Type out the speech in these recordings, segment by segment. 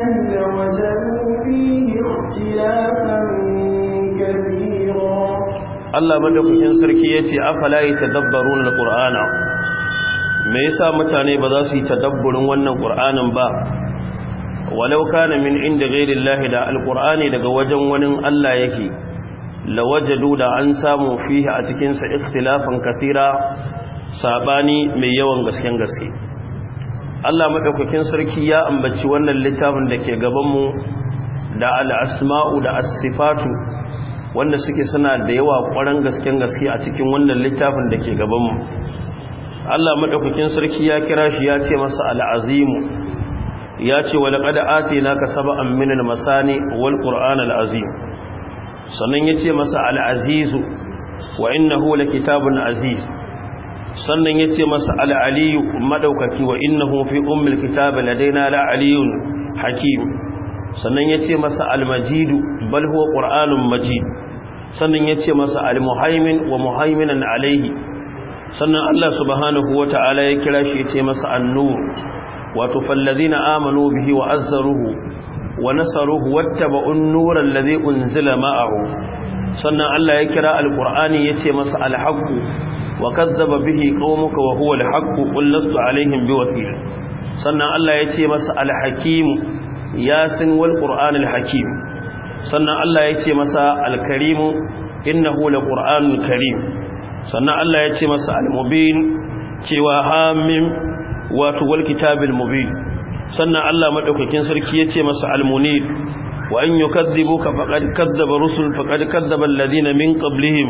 جل وجل فيه اختلافا كثيرا Allah madaukakin sarki yace afala yatadabbarun alqur'ana me yasa mutane ba za su yi tadabburin wannan ƙur'anin ba walau kana min inda ghairillahi da Alƙur'ani daga wajen wani Allah yake lawajadu da an samu fihi a cikin sa kasira saɓani, sabani mai yawan gasken gaske Allah madaukakin sarki ya ambaci wannan littafin da ke gabanmu da al-asma'u da as-sifatu wanda suke suna da yawa ƙwaran gasken gaske a cikin wannan littafin da ke gabanmu Allah madaukakin sarki ya kira shi ya ce masa al-azimu ya ce wa laqad atinaka sab'an min al-masani wal qur'an al-azim sannan ce masa al-azizu wa innahu lakitabun aziz sannan ya ce masa al'aliyu maɗaukaki wa inna hufi ummul kitabi daina la'aliyun hakim sannan ya ce masa Al-Majidu balhuwa ƙur'anun majidu, sannan ya ce masa almuhaimin wa muhaiminan alaihi sannan Allah subhanahu wa ta'ala ya kira shi ya ce masa annur wato fallazina amanu bihi wa azzaruhu wa nasaruhu wattaba'un nuran zai unzila ma'ahu sannan Allah ya kira ya yace masa alhaqu wa kazzaba bihi qaumuka wa huwa al-haqq qul lastu alaihim sannan Allah ya ce masa al ya san wal qur'an sannan Allah ya ce masa al-karim innahu laqur'anun karim sannan Allah ya ce masa al-mubin cewa hamim wato wal kitabil mubin sannan Allah madaukakin sarki ya ce masa Almunid. وأن يكذبوك فقد كذب رسل فقد كذب الذين من قبلهم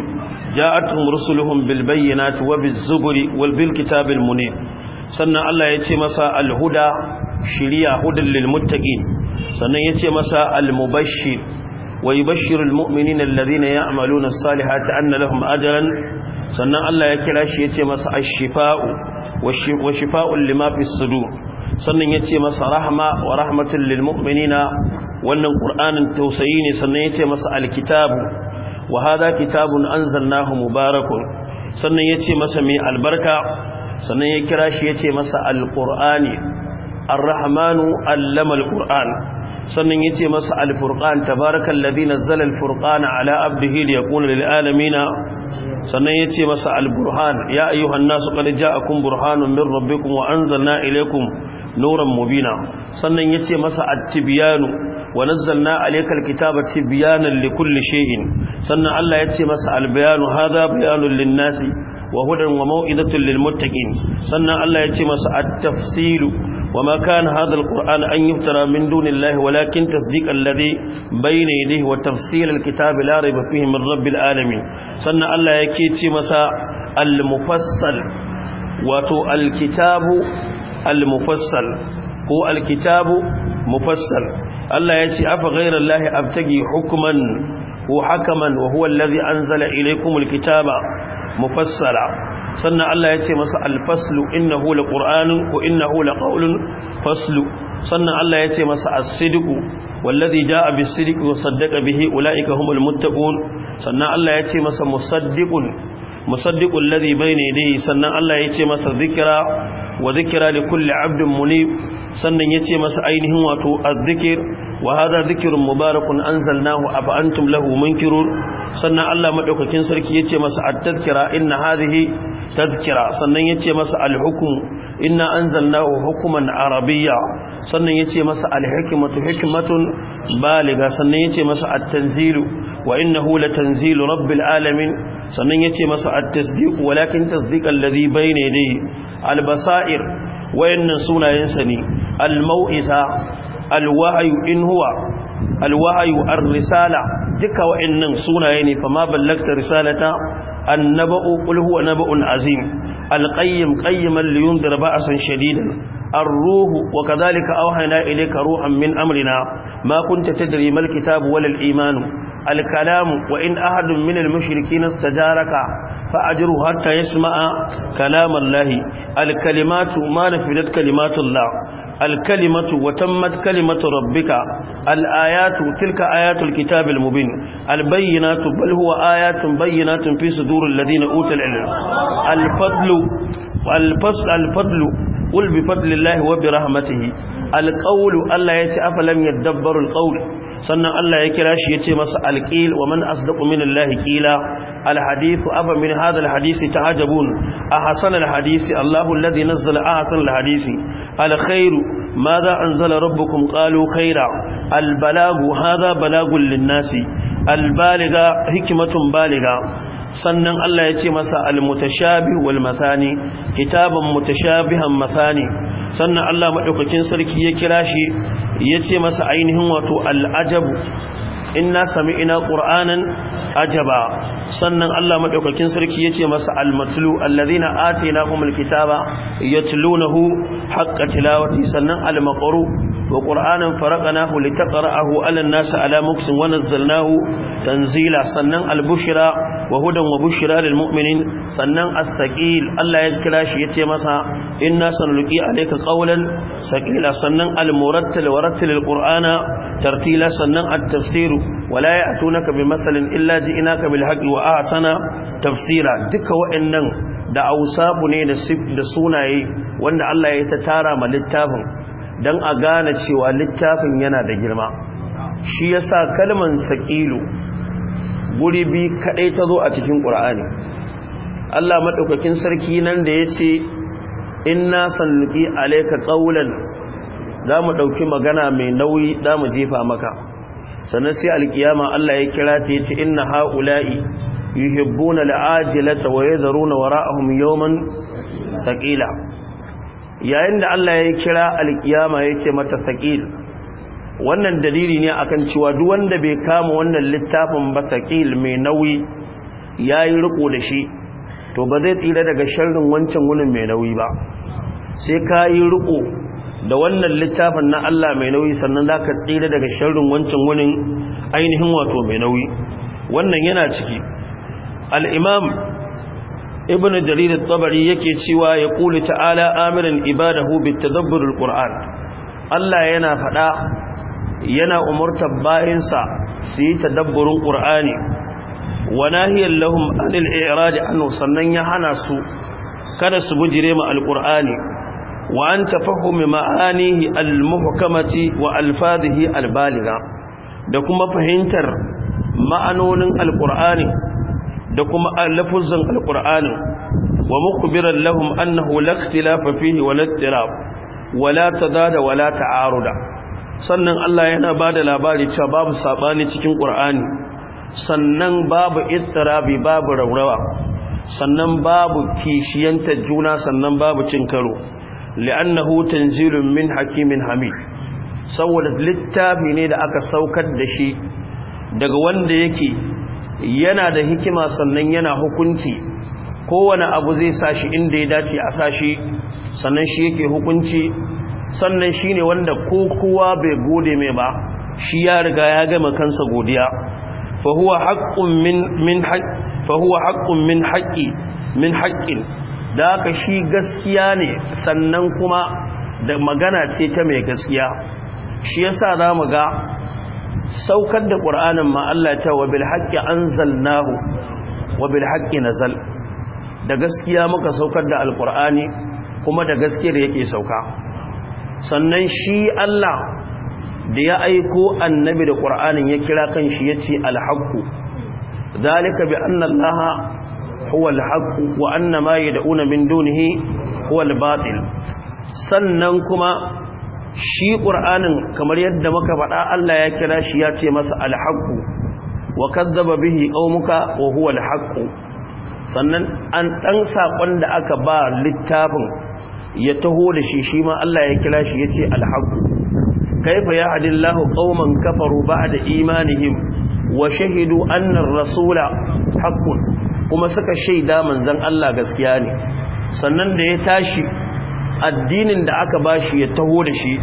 جاءتهم رسلهم بالبينات وبالزبر وبالكتاب المنير sannan Allah ya ce masa alhuda shiriya hudun lilmuttaqin sannan ya ce masa almubashshir wa yubashshirul mu'minina alladhina ya'maluna as-salihati anna lahum ajran sannan Allah ya kira shi ya ce masa wa shifa'un lima sannan ya ce masa rahama wa rahmatin lilmu'minina wannan ƙur'anin tausayi ne sannan ya ce masa alkitabu wa hada kitabun anzalnahu mubarakun sannan ya ce masa mai albarka sannan ya kira shi ya ce masa alƙur'ani arrahmanu allama alƙur'an sannan ya ce masa alfurqan tabarakal ladhi nazzala alfurqana ala abdihi liyakuna lil alamin sannan ya ce masa al-burhan ya ayyuhan ja a kun burhanun min rabbikum wa anzalna ilaykum nuran mubina sannan ya ce masa at-tibyanu wa nazzalna alaykal kitaba tibyanan likulli shay'in sannan Allah ya ce masa al-bayanu hadha bayanun lin-nasi wa hudan wa mau'izatun lil-muttaqin sannan Allah ya ce masa at-tafsilu wa ma kana hadha al-qur'an an yuftara min dunillahi walakin tasdiq alladhi bayna yadayhi wa tafsil al-kitabi la rayba fihi min rabbil alamin sannan Allah ya ake ce masa al-mufassal wato al-kitabu al-mufassal ko al-kitabu mufassal Allah ya ce afa ghairallahi abtagi hukman ko hakaman wa huwa allazi anzala ilaykumul kitaba mufassala sannan Allah ya ce masa alfaslu innahu laqur'anun ko inna hula laqawlun faslu sannan Allah ya ce masa as-sidqu wallazi jaa bis-sidqi wa saddaqa bihi ulaika humul muttaqun sannan Allah ya ce masa musaddiqun musaddiqul ladhi bayna dai sannan Allah ya ce masa zikira wa zikira da kulle 'abdin munib sannan ya ce masa ainihin wato zikir wa hadha dhikrun mubarakun anzalnahu afa antum lahu munkirun sannan Allah madaukakin sarki ya ce masa at-tadhkira inna hadhihi tadhkira sannan ya ce masa al-hukm inna anzalnahu hukuman arabiya sannan ya ce masa alhikimatu hikmatu baliga sannan ya ce masa a tanzilu wa hula latanzilu rabbil alamin sannan ya ce masa A tasdiq walakin tasdiq alladhi bayna yadayhi al-basair wayannan sunayensa ne al-mau'iza al in huwa alwahayu ar-risala duka wa'annan sunaye ne fa ma ballagta risalata annaba'u qul huwa naba'un azim alqayyim qayyiman liyundira ba'san shadidan ar-ruhu wa kadhalika awhayna ilayka ruhan min amrina ma kunta tadri mal kitabu wal iman الكلام وإن أحد من المشركين استجارك فأجره حتى يسمع كلام kalamallahi al kalimatu نفذت كلمات kalimatullah الكلمة وتمت كلمة ربك الآيات تلك آيات الكتاب المبين البينات بل هو آيات بينات في صدور الذين أوتوا العلم الفضل الفضل الفضل qul bi fadlillahi wa bi rahmatihi alqawlu Allah ya yace afalam yadabbaru alqawl sannan Allah ya kira shi ya ce masa alqil wa man asdaqu minallahi qila alhadithu afa min hadha alhadisi tahajabun ahsan alhadisi Allahu alladhi nazzala ahsan alhadisi alkhairu madha anzala rabbukum qalu khaira albalagu haza balagun linnasi albaliga hikmatun baliga sannan Allah ya ce masa al-mutashabih wal masani kitaban mutashabihan masani sannan Allah madaukakin sarki ya kira shi ya ce masa ainihin wato al-ajab inna ina qur'anan ajaba sannan Allah madaukakin sarki yace masa almatlu alladhina atainahumul kitaba yatlunahu haqqa tilawati sannan almaqru wa qur'anan faraqnahu litaqra'ahu 'alan nasi 'ala muksin wa nazzalnahu tanzila sannan albushra wa hudan wa bushra lilmu'minin sannan as-saqil Allah ya kira shi yace masa inna sanulqi 'alayka qawlan saqila sannan almurattal wa rattil alqur'ana tartila sannan at-tafsir wala ya ka bi masalin illa ka bil haqqi wa a sana tafsira duka wa'annan da ausabu ne da sunaye wanda Allah ya ta tara ma littafin don a gane cewa littafin yana da girma shi ya sa kalman saƙilu guri bi kaɗai ta zo a cikin ƙura'ani Allah maɗaukakin sarki nan da ya in inna sannuki alaika qawlan za mu ɗauki magana mai nauyi za mu jefa maka sannan sai alkiyama Allah ya kira ta yace inna haula'i yuhibbuna al'ajilata wa yadhuruna wara'ahum yawman thaqila yayin da Allah ya kira alkiyama yace mata thaqil wannan dalili ne akan cewa duk wanda bai kama wannan littafin ba thaqil mai nauyi yayi riko da shi to ba zai tsira daga sharrin wancan gunin mai nauyi ba sai kayi riko da wannan littafin na Allah mai nauyi sannan za ka tsira daga sharrin wancan wani ainihin wato mai nauyi wannan yana ciki al'imam ibn jarir tabari yake cewa ya kuli ta'ala amirin ibadahu bi tadabburul qur'an Allah yana faɗa yana umartar bayansa su yi tadabburin ƙur'ani. wa nahiyar lahum anil i'rad sannan ya hana su kada su bujire ma Alƙur'ani. وأن تفهم معانيه المحكمة وألفاظه البالغة da kuma fahimtar ma'anonin alkur'ani da kuma lafuzan alkur'ani wa mukhbiran lahum annahu la ikhtilafa fihi wa la ittirab wa la ta'aruda sannan Allah yana ba da labari cewa babu sabani cikin Ƙur'ani sannan babu ittirabi babu Rawa, sannan babu kishiyanta juna sannan babu cin karo li'annahu tanzilun min hakimin hamid saboda littafi ne da aka saukar da shi daga wanda yake yana da hikima sannan yana hukunci kowane abu zai sashi inda ya dace a sashi sannan shi yake hukunci sannan shi ne wanda ko kowa bai gode mai ba shi ya riga ya gama kansa godiya fahuwa haƙƙun min haƙƙi min da haka shi gaskiya ne sannan kuma da magana ce ta mai gaskiya shi yasa za mu ga saukar da ƙur'anin ma ta wa bil haqqi anzalnahu wa bil na nazal da gaskiya muka saukar da alƙur'ani kuma da gaskiyar yake sauka sannan shi Allah da ya aiko annabi da ƙur'anin ya kira kan shi yace alhakku haqqu zalika bi anna huwa al-haqq wa min dunihi sannan kuma shi ƙur'anin kamar yadda muka faɗa Allah ya kira shi ya ce masa alhaku. wa kazzaba bihi qaumuka wa huwa alhaƙu sannan an ɗan saƙon da aka ba littafin ya taho da shi shi ma Allah ya kira shi ya ce alhaƙu kaifa yahdillahu qauman kafaru ba'da imanihim wa shahidu anna ar-rasula haqqun kuma suka shaida manzon Allah gaskiya ne sannan da ya tashi addinin da aka bashi ya taho da shi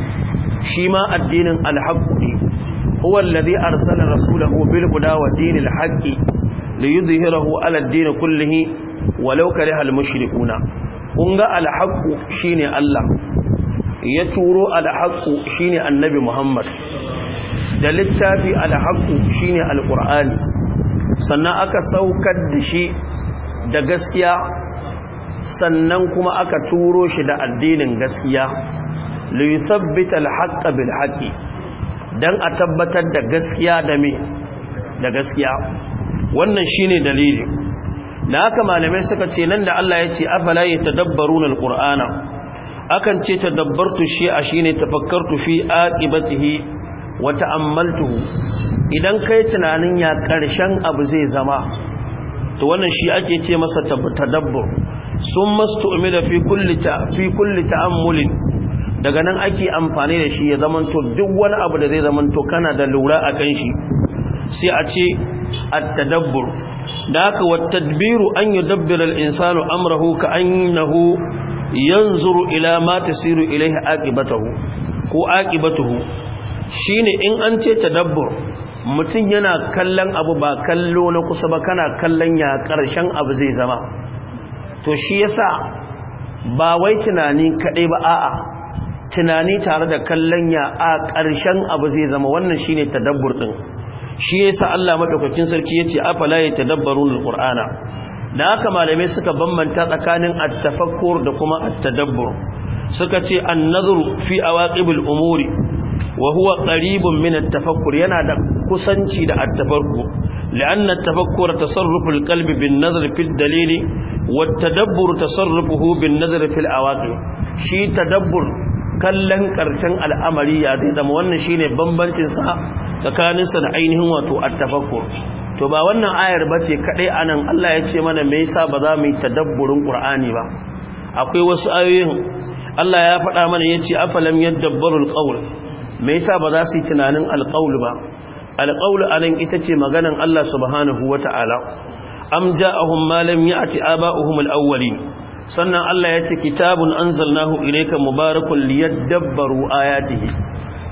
shi ma addinin al huwa alladhi arsala rasulahu bil huda wa dinil haqqi liyudhhirahu ala ad-din kullihi walau kariha al-mushrikuuna kun ga shine Allah ya turo alhaƙu shine annabi muhammad da littafi alhaƙu shine alƙur'ani sannan aka saukar da shi da gaskiya sannan kuma aka turo shi da addinin gaskiya liyuthabbita alhaqqa bil haqqi dan a tabbatar da gaskiya da me da gaskiya wannan shine dalili da haka malamai suka ce nan da Allah ya ce afala yatadabbaruna alqur'ana akan ce ta shi a shi'a shine tafakkartu fi aqibatihi wa ta'ammaltuhu idan kai tunanin ya karshen abu zai zama to wannan shi ake ce masa tadabbur sun mastu'mila fi kulli fi kulli ta'ammulin daga nan ake amfani da shi ya zamanto duk wani abu da zai zamanto kana da lura a kan shi sai a ce A tadabbur da haka wat tadbiru an yudabbira al-insanu amrahu ka annahu yanzuru ila ma ko aqibatuhu shine in an ce tadabbur mutum yana kallon abu ba kallo na kusa ba kana kallon ya karshen abu zai zama to shi yasa ba wai tunani kadai ba a'a tunani tare da kallon ya a karshen abu zai zama wannan shine tadabbur din shi yasa Allah madaukakin sarki yace afala yatadabbarun alqur'ana da haka malamai suka bambanta tsakanin at-tafakkur da kuma at-tadabbur suka ce an-nazru fi awaqibil umuri wa huwa qaribun min at-tafakkur yana da kusanci da at-tafakkur لأن التفكر تصرف القلب بالنظر في الدليل والتدبر تصرفه بالنظر في العواقب شي تدبر kallon karshen al'amari ya zai zama wannan shine bambancin sa tsakaninsa da ainihin wato attafakkur to ba wannan ayar ba ce kaɗai anan Allah ya ce mana me yasa ba za mu yi tadabburin ƙur'ani ba akwai wasu ayoyin Allah ya faɗa mana ya ce afalam yaddabbarul qawl me yasa ba za su yi tunanin alqawl ba alqawl anan ita ce maganan Allah subhanahu wata'ala am ja'ahum ma lam ya'ti aba'uhum alawwalin sannan Allah ya ce kitabun anzalnahu ilayka mubarakun liyadabbaru ayatihi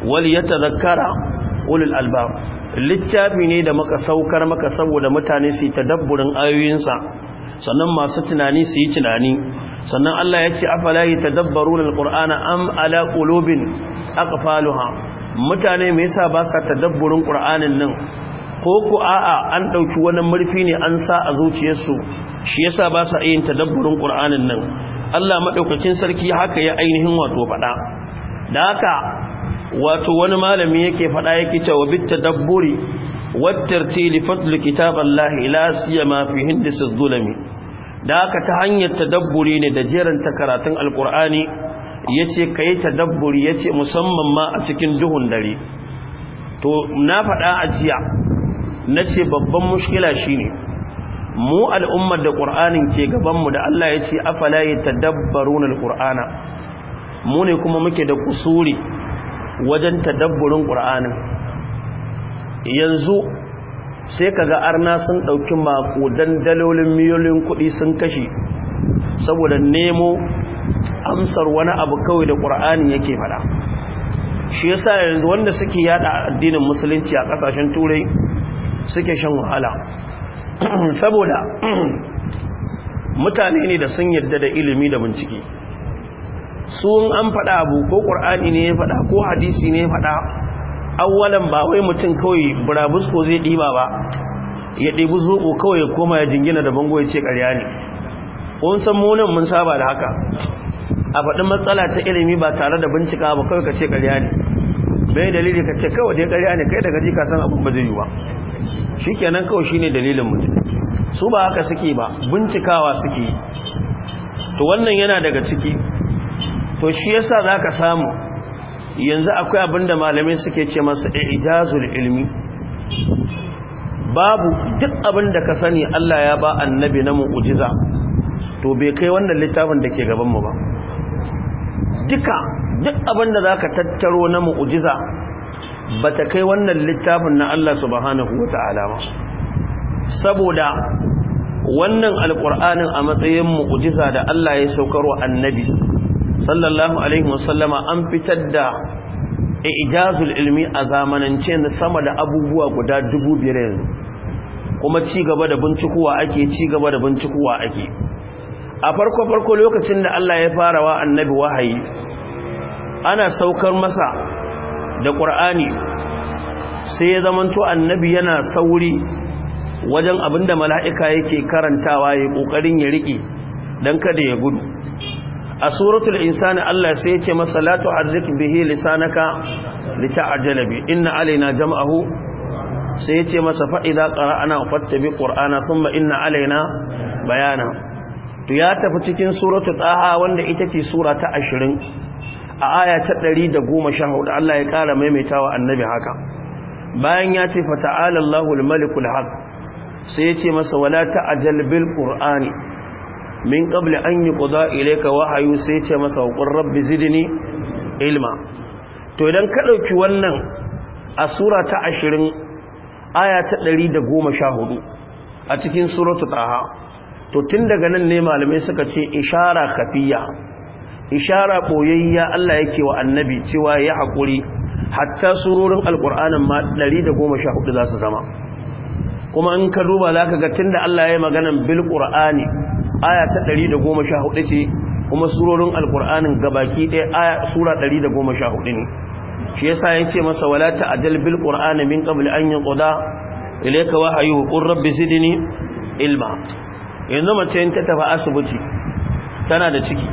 waliyatadhakkara ulul albab littafi ne da maka saukar maka saboda mutane su yi tadabburin ayoyinsa sannan masu tunani su yi tunani sannan Allah ya ce afala yatadabbaruna alqur'ana am ala qulubin aqfaluha mutane me yasa ba sa tadabburin qur'anin nan ko ku a'a an dauki wani murfi ne an sa a zuciyarsu shi yasa ba sa yin tadabburin qur'anin nan Allah madaukakin sarki haka ya ainihin wato faɗa da haka wato wani malami yake faɗa yake cewa bitta tadabburi wat tartili fadl kitaballahi la siyama fi hindis az-zulmi da aka ta hanyar tadabburi ne da ta karatun alqur'ani yace kai tadabburi yace musamman ma a cikin duhun dare to na faɗa a jiya nace babban mushkila shine mu al'ummar da qur'anin ke gaban mu da Allah yace afala yatadabbaruna alqur'ana mu ne kuma muke da kusuri wajen tadabburin ƙur'anin yanzu sai kaga arna sun ɗauki makudan dalolin miliyoyin kuɗi sun kashe saboda nemo amsar wani abu kawai da ƙur'ani yake faɗa shi yasa yanzu wanda suke yada addinin musulunci a ƙasashen turai suke shan wahala saboda mutane ne da sun yarda da ilimi da bincike sun an faɗa abu ko ƙur'ani ne ya faɗa ko hadisi ne ya faɗa awwalan ba wai mutum kawai burabusko zai ɗiba ba ya ɗibi zoɓo kawai ya koma ya jingina da bango ya ce ƙarya ne kun san munin mun saba da haka a faɗin matsala ta ilimi ba tare da bincika ba kawai ka ce ƙarya ne bai dalili ka ce kawai dai ƙarya ne kai daga ji ka san abin ba zai yi ba shi kawai shi ne dalilin mutum su ba haka suke ba bincikawa suke to wannan yana daga ciki to shi yasa zaka samu yanzu akwai abinda malamai suke ce masa ijazul ilmi babu duk abinda ka sani Allah ya ba annabi na mu'jiza to bai kai wannan littafin da ke gaban mu ba duka duk abinda zaka tattaro na mu'jiza bata kai wannan littafin na Allah subhanahu wata'ala ba saboda wannan alqur'anin a matsayin mu'jiza da Allah ya saukarwa annabi sallallahu alaihi wasallama an fitar da ijazul ilmi a zamanance da sama da abubuwa guda dubu biyar yanzu kuma ci gaba da bincikuwa ake ci gaba da bincikuwa ake a farko farko lokacin da Allah ya fara wa annabi wahayi ana saukar masa da Qur'ani sai ya zamanto annabi yana sauri wajen abinda mala'ika yake karantawa ya kokarin ya rike dan kada ya gudu a suratul insani Allah sai ya ce masa la tu'arrik bihi lisanaka lita'jala bi inna alaina jam'ahu sai ya ce masa fa idza qara'ana fattabi qur'ana thumma inna alaina bayana to ya tafi cikin suratul taha wanda ita ce sura ta 20 a aya ta 114 Allah ya kara maimaitawa annabi haka bayan ya ce fata'ala Allahul malikul haq sai ya ce masa wala ta'jal bil qur'ani min qabli an yuqda ka wahayu sai ce masa hukun rabbi zidini ilma to idan ka ɗauki wannan a sura ta ashirin aya ta ɗari da goma 114 a cikin suratu taha to tun daga nan ne malamai suka ce ishara kafiya ishara ɓoyayya Allah yake wa annabi cewa ya hakuri hatta surorin alqur'anin ma 114 za su zama kuma in ka duba zaka ga tunda Allah ya yi maganan bil qur'ani aya ta 114 ce kuma surorin alkur'anin gabaki ɗaya aya sura 114 ne shi yasa yace masa wala ta'dal bil qur'ani min qabl an yuqda ilayka wahyu qur rabbi zidni ilma yanzu mace in ta tafi asibiti tana da ciki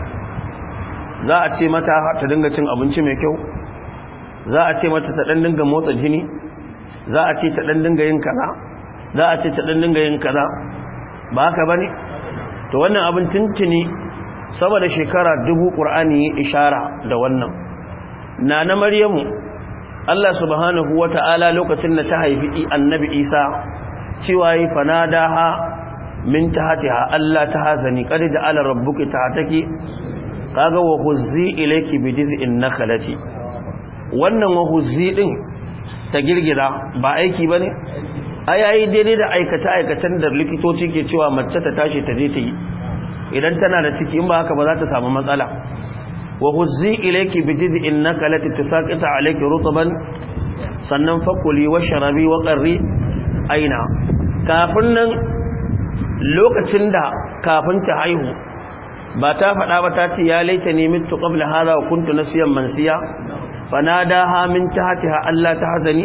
za a ce mata ta dinga cin abinci mai kyau za a ce mata ta dan dinga motsa jini za a ce ta dan dinga yin kaza za a ce ta dan dinga yin kaza ba haka bane to wannan abin tuntuni saboda shekara dubu ƙur'ani ya ishara da wannan na na maryamu Allah subhanahu wa ta'ala lokacin da ta haifi annabi isa cewa yi fanada ha min ta hati ha Allah ta hazani ƙari da ala rabbuki ta hataki kaga wa huzzi ilaiki bi na nakalati wannan wa huzzi din ta girgira ba aiki bane a yayi daidai da aikace-aikacen da likitoci ke cewa mace ta tashi ta je ta yi idan tana da ciki in ba haka ba za ta samu matsala wa huzzi ilayki bi innaka lati tusaqita alayki rutban sannan fakuli wa sharabi wa qarri aina kafin nan lokacin da kafin ta haihu ba ta faɗa ba ta ce ya laita ne mitu qabla hada wa kuntu nasiyan mansiya fanadaha min Allah ta hazani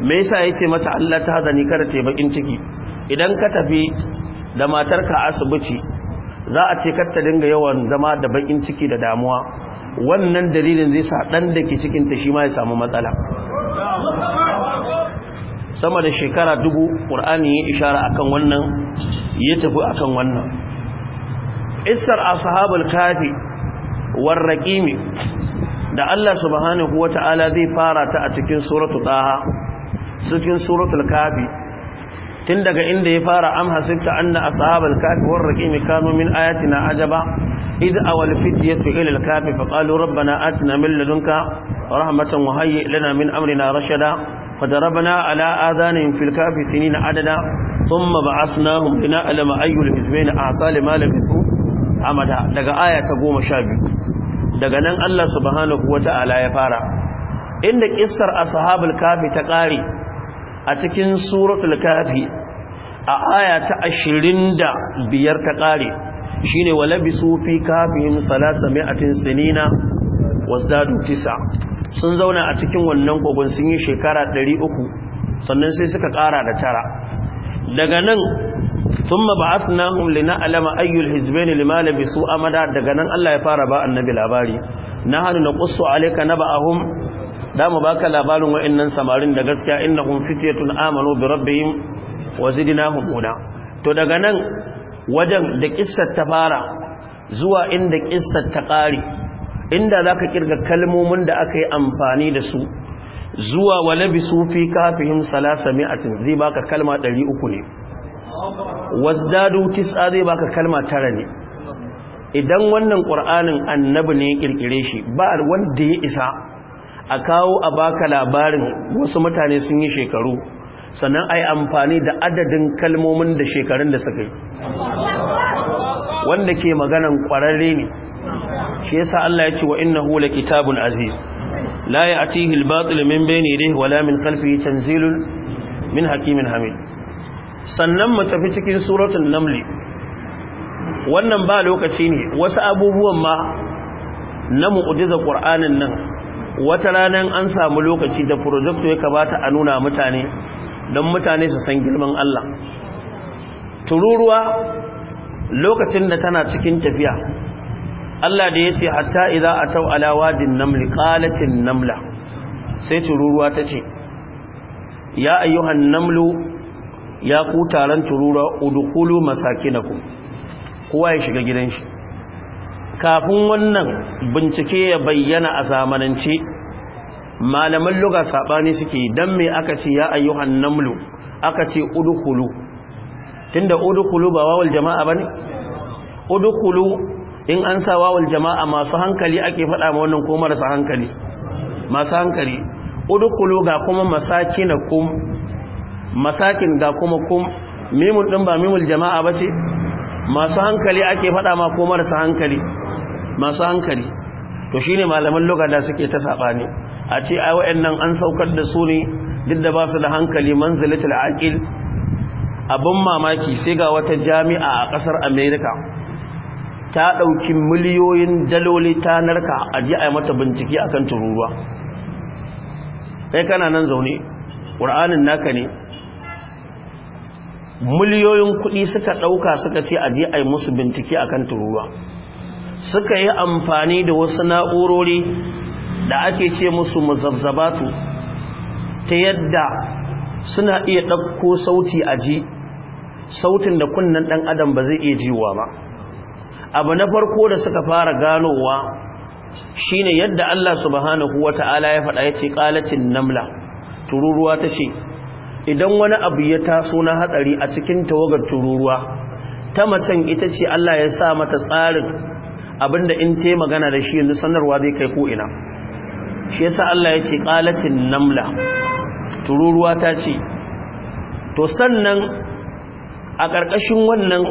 me yasa yace mata Allah ta hazani kada ta bakin ciki idan ka tafi da matarka asibiti za a ce kar dinga yawan zama da bakin ciki da damuwa wannan dalilin zai sa dan da ke cikin ta shi ma ya samu matsala sama da shekara dubu qur'ani ya ishara akan wannan ya tafi akan wannan isar ashabul kafi raqimi da Allah subhanahu wata'ala zai fara ta a cikin suratu daha cikin suratul kafi tun daga inda ya fara am hasibta anna ashabal kafi war raqimi kanu min ayatina ajaba id awal fityatu ila al kafi fa qalu rabbana atina min ladunka rahmatan wa hayyi lana min amrina rashada فضربنا على آذانهم في الكهف سنين عددا ثم بعثناهم لنعلم أي الحزبين أعصى لما لبثوا عمدا daga aya ta 12 daga nan Allah subhanahu wataala ya fara inda kissar ashabul kafi ta ƙare. a cikin suratul kafi a aya ta ashirin da biyar ta ƙare, shi kare shine walabisu fi kafihim salasami'atin sinina wasdadu tisa sun zauna a cikin wannan kogon sun yi shekara ɗari uku sannan sai suka ƙara da tara daga nan na alama ayyul اي الحزبين لما لبثوا amada daga nan Allah ya fara ba annabi labari na hannu na ba na naba'ahum da mu baka labarin wa'annan samarin da gaskiya hum fitiyatun amanu bi rabbihim wa zidnahum huda to daga nan wajen da kissar ta fara zuwa inda kissar ta kare inda zaka kirga kalmomin da aka yi amfani da su zuwa su fi kafihim salasami'atin zai baka kalma 300 ne wasdadu tis'a zai baka kalma 9 ne idan wannan qur'anin annabi ne ya kirkire shi ba wanda ya isa a kawo a baka labarin wasu mutane sun yi shekaru sannan a yi amfani da adadin kalmomin da shekarun da suka yi wanda ke maganan kwararre ne shi yasa Allah ya ce wa innahu kitabun aziz la ya'tihi al-batil min bayni yadihi wala min khalfihi tanzilun min hakimin hamid sannan mu tafi cikin suratul naml wannan ba lokaci ne wasu abubuwan ma na mu'jiza qur'anin nan wata ranar an samu lokaci da project ya kamata a nuna mutane don mutane su san girman Allah tururuwa lokacin da tana cikin tafiya Allah da ya ce hatta idan a tau alawadin namli qalatin namla sai tururuwa ta ce ya ayyuhan namlu ya ku taron tururuwa udkhulu masakinakum kowa ya shiga gidan kafin wannan bincike ya bayyana a zamanance malaman luga sabani suke dan me aka ce ya ayyuhan namlu aka ce udkhulu tunda udkhulu ba wawul jama'a bane udkhulu in an sa wawul jama'a masu hankali ake faɗa ma wannan ko marasa hankali masu hankali udkhulu ga kuma masakinakum masakin ga kuma kum mimul din ba mimul jama'a ba ce? masu hankali ake faɗa ma ko marasa hankali masu hankali to shi ne malaman lokada suke ta ne a ce wa'yan nan an saukar da su ne duk da ba su da hankali manzilatul aqil abin mamaki sai ga wata jami'a a ƙasar Amerika, ta ɗauki miliyoyin daloli ta narka a ji yi mata bincike kan tururuwa kai kana nan zaune ƙur'anin naka ne miliyoyin kuɗi suka ɗauka suka ce a ji a yi musu bincike a kan turuwa suka yi amfani da wasu na'urori da ake ce musu mazabzabatu ta yadda suna iya ɗauko sauti a ji sautin da kunnan ɗan adam ba zai iya jiwa ba abu na farko da suka fara ganowa shine yadda Allah subhanahu ta'ala ya faɗa ya ce ƙalatin namla tururuwa ta ce idan wani abu ya taso na hatsari a cikin tawagar tururuwa ta macen ita ce Allah ya sa mata tsarin abinda in te magana da shi yanzu sanarwa zai kai ko ina shi yasa Allah ya ce qalatin namla tururuwa ta ce to sannan a ƙarƙashin wannan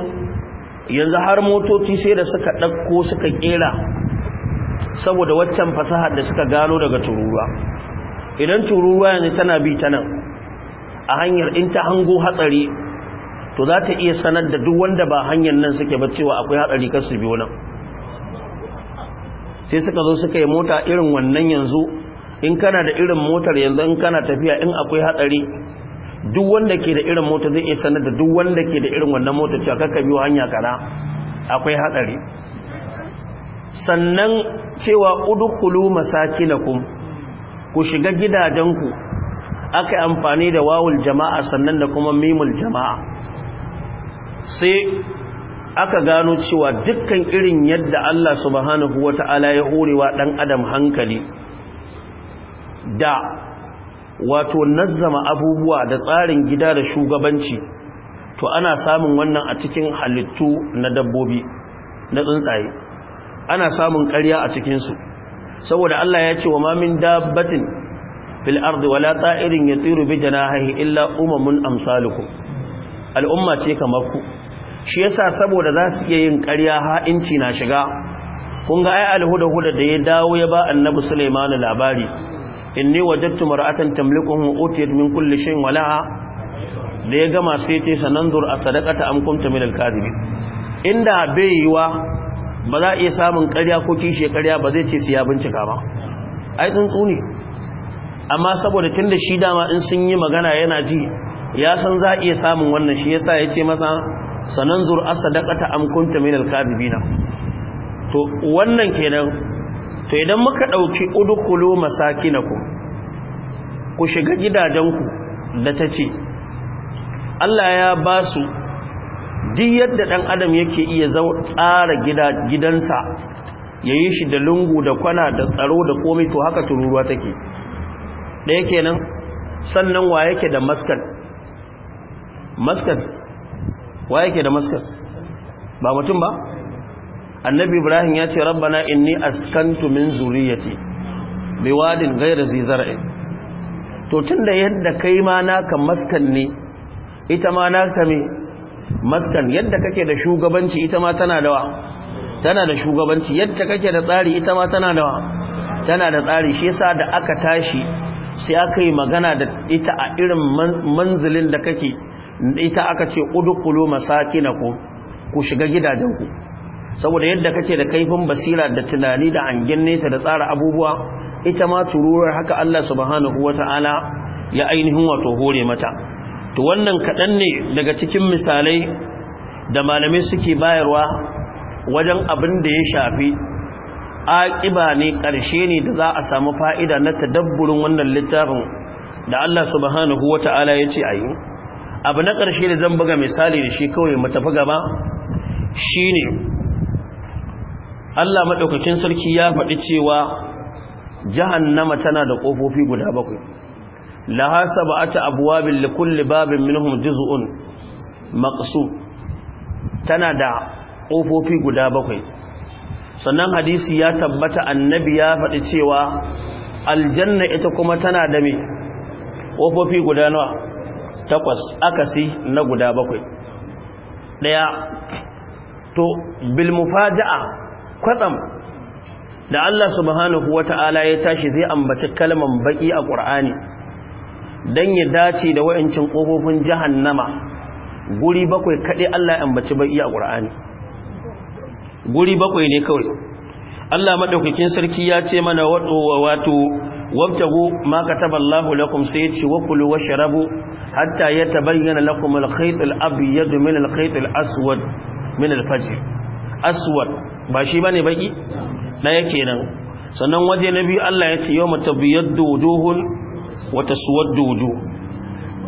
yanzu har motoci sai da suka ɗauko suka ƙera saboda waccan fasaha da suka gano daga tururuwa idan tururuwa yanzu tana bi ta nan a hanyar in ta hango hatsari to za ta iya sanar da duk wanda ba hanyar nan suke ba cewa akwai hatsari kan su nan sai suka zo suka yi mota irin wannan yanzu in kana da irin motar yanzu in kana tafiya in akwai hatsari duk wanda ke da irin mota zai iya sanar da duk wanda ke da irin wannan mota cewa kakka biyo hanya kana akwai hatsari sannan cewa na masakinakum ku shiga gidajenku aka yi amfani da wawul jama'a sannan da kuma mimul jama'a sai aka gano cewa dukkan irin yadda Allah subhanahu wa Ta'ala ya horewa ɗan adam hankali da wato nazzama abubuwa da tsarin gida da shugabanci to ana samun wannan a cikin halittu na dabbobi na tsuntsaye ana samun ƙarya a cikinsu saboda Allah ya ce wa ma min dabbatin fil ardi wala ta'irin yatiru bi janahihi illa umamun amsalukum al'umma ce kamar ku shi yasa saboda za su iya yin ƙarya ha'inci na shiga kun ga ai alhuda-huda da ya dawo ya ba annabi Sulaiman labari inni wajattu mar'atan tamlikuhum utiyat min kulli shay'in wala'a da ya gama sai ta sananzur a sadaqata am kuntum min al kadibin inda bai yiwa ba za iya samun ƙarya ko kishi ƙarya ba zai ce su ya bincika ba ai tsuntsu ne amma saboda tunda shi dama in sun yi magana yana ji ya san za iya samun wannan shi yasa ya ce masa sanan zur asadaqata am kunta minal kadibina to wannan kenan to idan muka dauki udkhulu masakinakum ku shiga gidajenku da tace Allah ya ba su duk yadda dan adam yake iya tsara gida gidansa yayi shi da lungu da kwana da tsaro da komai to haka tururuwa take da yake nan sannan wa yake da maskan maskan wa yake da maskar ba mutum ba annabi ibrahim ya ce rabbana inni askantu min zuriyati wadin ghayra zizar'in to tunda yadda kai ma naka maskan ne ita ma naka me maskan yadda kake da shugabanci ita ma tana da wa tana da shugabanci yadda kake da tsari ita ma tana da tana da tsari shi yasa da aka tashi sai aka yi magana da ita a irin manzilin da kake ita aka ce udkhulu masakinakum ku ku shiga gidajenku saboda yadda kake da kaifin basira da tunani da hangen nesa da tsara abubuwa ita ma tururar haka Allah subhanahu wata'ala ya ainihin wato hore mata to wannan kaɗan ne daga cikin misalai da malamai suke bayarwa wajen abin da ya shafi aƙiba ne ƙarshe ne da za a samu fa'ida na tadabburin wannan littafin da Allah subhanahu wata'ala ya ce a abu na ƙarshe da zan buga misali da shi kawai matafi gaba shi ne allah maɗaukakin sarki ya faɗi cewa jahannama tana da ƙofofi guda bakwai laha saba'ata abwabin likulli babin minhum jizu'un maƙasu tana da ƙofofi guda bakwai sannan hadisi ya tabbata annabi ya faɗi cewa aljanna ita kuma tana da mai ƙofofi guda nawa takwas akasi na guda bakwai ɗaya to bilmufaja'a kwatsam da Allah subhanahu ta'ala ya tashi zai ambaci kalman baki a ƙur'ani don ya dace da wayancin ƙofofin jahannama guri bakwai kade Allah ya ambaci baki a ƙur'ani guri bakwai ne kawai Allah madaukakin sarki ya ce mana wato wabtagu ma kataballahu lakum sai yace wa kulu washrabu hatta yatabayyana lakum al-khayt al-abyad min al-khayt al-aswad min al-fajr aswad ba shi bane baki na yake nan sannan waje na biyu Allah ya yace yawma tabyaddu wujuhun wa taswaddu wujuh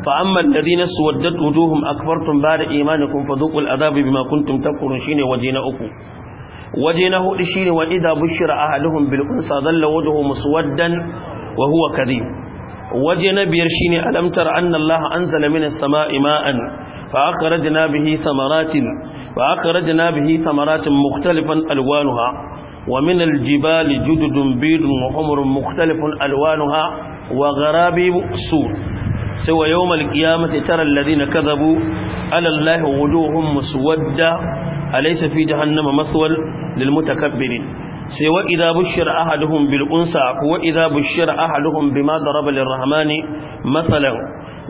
fa amma alladhina suwaddat wujuhum akbartum ba'da imanikum fadhuqul adhaba bima kuntum takfurun shine waje na uku waje na hudu shine wa idza bushira ahaduhum bil unsa dalla wajhuhu muswaddan wa huwa kadhib waje na biyar shine alam tara anna allaha anzala minas samaa'i ma'an fa akhrajna bihi thamaratin fa akhrajna bihi thamaratin mukhtalifan alwanuha wa min aljibali jududun bidun wa humrun mukhtalifun alwanuha wa gharabi su. sai wa yawmal qiyamati tara alladhina kadhabu ala allahi wujuhum muswadda alaysa fi jahannama maswal lil mutakabbirin sai wa idza bushira ahaduhum bil unsa wa idza bushira ahaduhum bima daraba lirrahmani masalan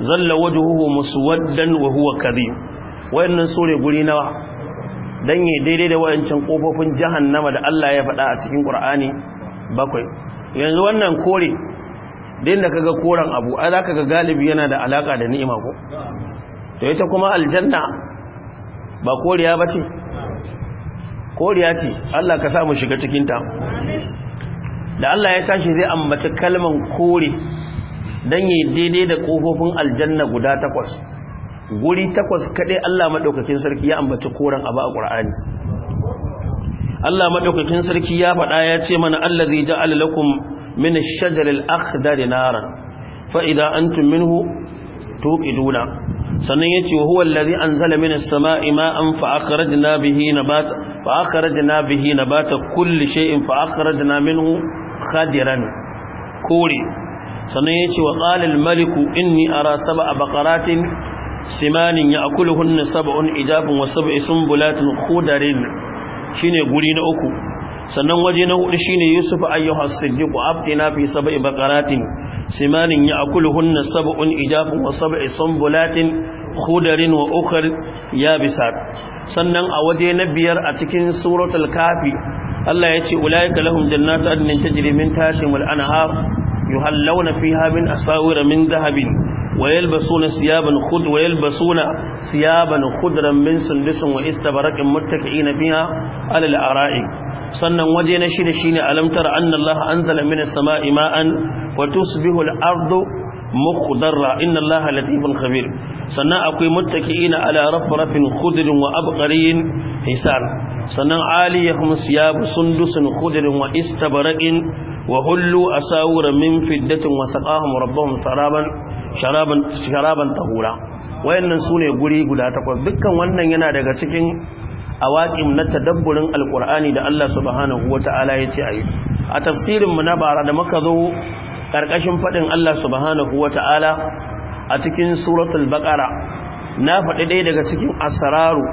zalla wajhuhu muswaddan wa huwa kadhib wayannan sure guri nawa dan yi daidai da wayancin kofofin jahannama da Allah ya faɗa a cikin Qur'ani bakwai yanzu wannan kore din da kaga koran abu a zaka ga galibi yana da alaka da ni'ima ko to ita kuma aljanna ba koriya ba ce. koriya ce Allah ka samu shiga cikinta da Allah ya tashi zai ambaci kalman kore don yi daidai da kofofin aljanna guda takwas guri takwas kaɗai Allah maɗaukakin sarki ya ambaci koren abu a ƙur'ani Allah maɗaukakin sarki ya faɗa ya ce mana Allah zai ji lakum min shajaril akhdar naran fa'ida an antum minhu توقدونا sannan yace wa huwa allazi anzala minas samaa'i ma'an fa akhrajna bihi nabata fa akhrajna bihi nabata kulli shay'in fa akhrajna minhu khadiran kore sannan yace wa qala al maliku inni ara sab'a baqaratin simanin ya'kuluhunna sab'un idabun wa sab'i sumbulatin khudarin shine guri na uku sannan waje na hudu shine yusuf ayyuha siddiq abdina fi sab'i baqaratin simanin ya'kuluhunna sab'un ijabun wa sab'i sunbulatin khudarin wa ukhar yabisat sannan a waje na biyar a cikin suratul kafi Allah ya ce ulaika lahum jannatu adnin tajri min tahtihimul anhar yuhallawna fiha min asawira min dhahabin ويلبسون ثيابا خضرا ويلبسون ثيابا خضرا من سندس واستبرق متكئين فيها على الارائك sannan waje na shida shine alamtar annallaha anzala minas samaa'i ma'an wa tusbihu al-ardu mukhdarra innallaha latiful khabir sannan akwai muttaki'ina ala rafrafin khudrin wa abqariin hisan sannan aliyahum siyabu sundusun khudrin wa istabraqin wa a asawira min fiddatin wa saqahum rabbuhum saraban sharaban sharaban tahura wayannan sune guri guda takwas dukkan wannan yana daga cikin awaqim na tadabburin Alƙur'ani da Allah subhanahu wataala ce ayi a tafsirin mu na bara da muka zo karkashin faɗin Allah subhanahu wataala a cikin suratul baƙara, na faɗi ɗaya daga cikin asararu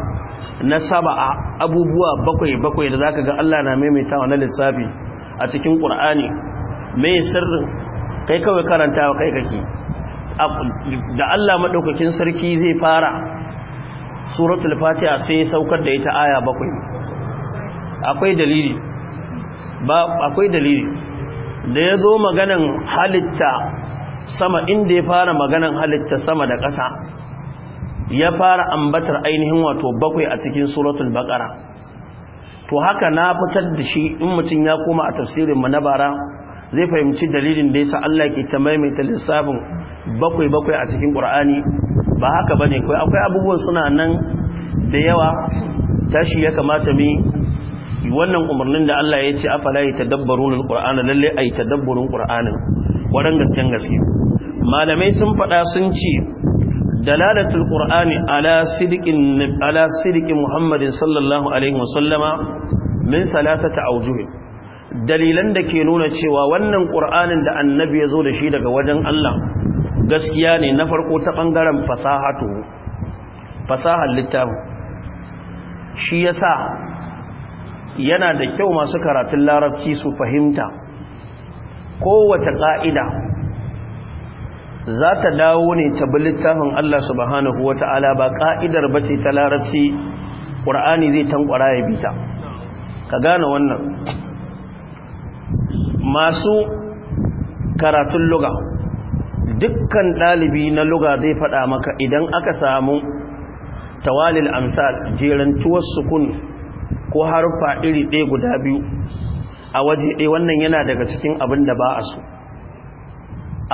na saba'a abubuwa bakwai bakwai da zaka ga Allah na maimaita na lissafi a cikin qur'ani mai sirrin kai kawai karantawa kai kake da Allah madaukakin sarki zai fara suratul fatiha sai saukar da ita aya bakwai akwai dalili ba akwai dalili da ya zo maganan halitta sama inda ya fara maganan halitta sama da ƙasa ya fara ambatar ainihin wato bakwai a cikin suratul baqara to haka na fitar da shi in mutum ya koma a tafsirin mu na bara zai fahimci dalilin da ya sa Allah ke ta maimaita lissafin bakwai bakwai a cikin Qur'ani ba haka ba ne kai akwai abubuwan suna nan da yawa tashi ya kamata mi wannan umarnin da Allah ya ce a yi tadabbarun ƙura'ana lalle yi tadabbarun qur'anin wadan gasken gaske malamai sun faɗa sun ce dalalatul ƙura'ani ala sidikin muhammadin sallallahu alaihi wasallama min ta aujuhi dalilan da ke nuna cewa wannan ƙur'anin da annabi ya zo da shi daga wajen Allah gaskiya ne na farko ta ɓangaren fasahatu fasahar littafi shi ya sa yana da kyau masu karatun larabci su fahimta kowace ƙa'ida za ta dawo ne ta bi littafin Allah subhanahu wa ta'ala ba ƙa'idar ba ce ta larabci ƙur'ani zai tankwara ya bita ka gane wannan masu karatun luga dukkan ɗalibi na luga zai faɗa maka idan aka samu tawalil amsal jerantuwar sukun ko harfa iri ɗaya guda biyu a waje ɗaya wannan yana daga cikin abin da ba a so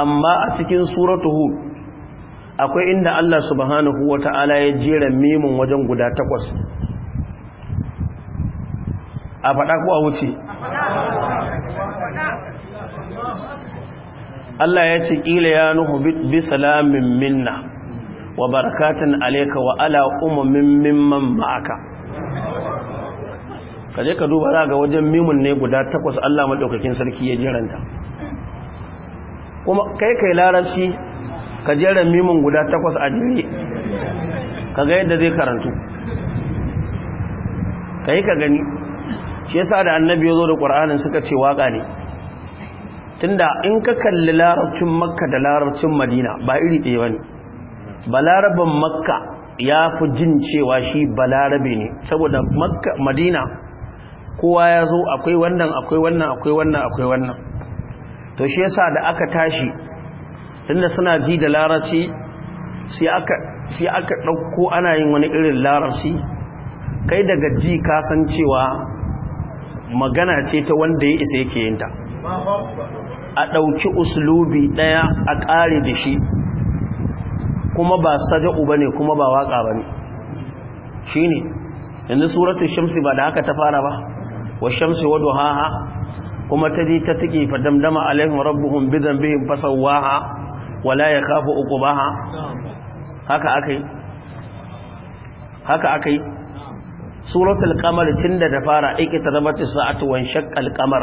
amma a cikin suratu hud akwai inda Allah subhanahu Ta'ala ya jera memun wajen guda takwas a faɗa ko a wuce Allah ya ce ƙila ya nuhu bi salamin minna wa barakatun alaika wa ala umumin mimman ma'aka ka je ka duba za ga wajen mimun ne guda takwas Allah maɗaukakin sarki ya jiranta kuma kai kai larabci ka jera mimun guda takwas a jere ka ga yadda zai karantu ka yi ka gani shi yasa da annabi ya zo da ƙur'anin suka ce waƙa ne tunda in ka kalli larabcin makka da larabcin madina ba iri ɗaya ba ne balaraban makka ya fi jin cewa shi balarabe ne saboda makka madina kowa ya zo akwai wannan akwai wannan akwai wannan akwai wannan to shi yasa da aka tashi tunda suna ji da larabci shi sai aka ɗauko ana yin wani irin larabci kai daga ji ka san cewa magana ce ta wanda ya isa yake yinta a ɗauki uslubi ɗaya a ƙare da shi kuma ba saja'u ba ne kuma ba waƙa ba ne shi ne yanzu suratun shamsi ba da haka ta fara ba wa shamsi wa haha? kuma ta ji ta tiki fa damdama alaihim rabbuhum bi dhanbihim fasawaha wala yakhafu uqbaha haka akai haka akai suratul qamar tunda da fara aiki ikita zama sa'atu wan shaqqal qamar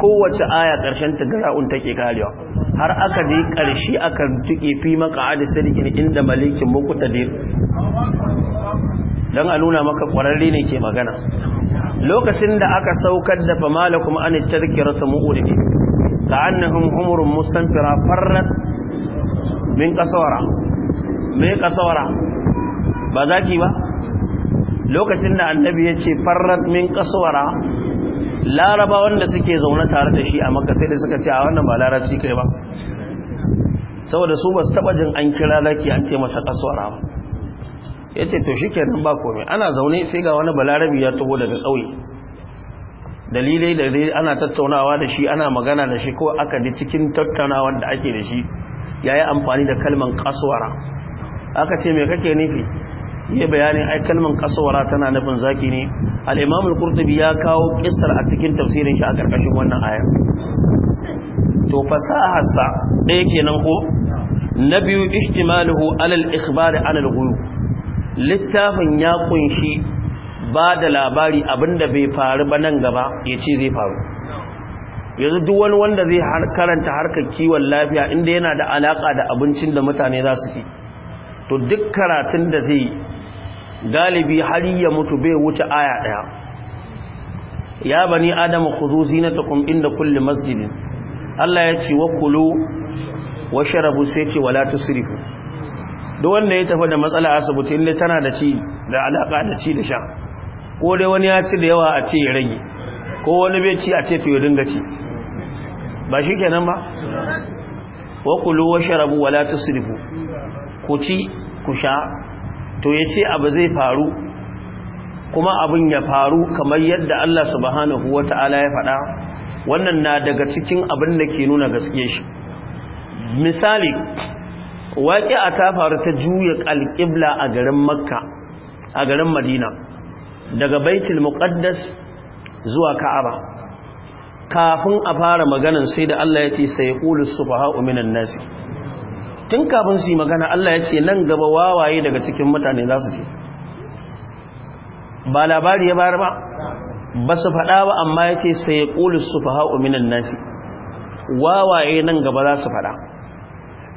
kowace aya karshen ta gara'un take karewa har aka je ƙarshe aka tuke fi maqa'id sirrin inda malikin muqtadir dan a nuna maka kwararre ne ke magana lokacin da aka saukar da famalakum an tadhkiratu mu'ridin annahum umrun musanfira farrat min kasawara me kasawara ba zaki ba lokacin da annabi ya ce farrat min kaswara laraba wanda suke zaune tare da shi a maka sai da suka ce a wannan ba larabci kai ba saboda su ba su taba jin an kira laki an ce masa kaswara ya ce to nan ba komai ana zaune sai ga wani balarabi ya taho daga ƙauye dalilai da dai ana tattaunawa da shi ana magana da shi ko aka ji cikin tattaunawa da ake da shi ya yi amfani da kalman kaswara aka ce mai kake nufi yi bayanin ai kalmar kasawara tana nufin zaki ne al-imam al ya kawo kissar a cikin tafsirin shi a karkashin wannan aya to fasahar sa ɗaya kenan ko na biyu ihtimaluhu alal ikhbar alal ghuyub littafin ya kunshi ba da labari abinda bai faru ba nan gaba ya ce zai faru yanzu duk wani wanda zai karanta harkar kiwon lafiya inda yana da alaka da abincin da mutane za su ci to duk karatun da zai galibi har ya mutu bai wuce aya daya ya bani adamu khudhu zinatakum inda kulli masjidin Allah ya ce wakulu sharabu sai ce wala tusrifu duk wanda ya tafi da matsala asibiti inda tana da ci da alaka da ci da sha ko dai wani ya ci da yawa a ce ya rage ko wani bai ci a ce to ya dinga ci ba shi kenan ba wakulu sharabu wala tusrifu ku ci ku sha to ya ce abu zai faru kuma abin ya faru kamar yadda Allah subhanahu wa ta'ala ya faɗa wannan na daga cikin abin da ke nuna gaske shi misali waƙi a ta faru ta juya alƙibla a garin makka a garin madina daga baitul muqaddas zuwa ka'aba kafin a fara maganan sai da Allah ya ce sai qulu subha'u minan nasi tun kafin su yi magana Allah ya ce nan gaba wawaye daga cikin mutane za su ce ba labari ya bayar ba ba su faɗa ba amma ya ce sai ƙulus su fa ha'u minan nasi wawaye nan gaba za su faɗa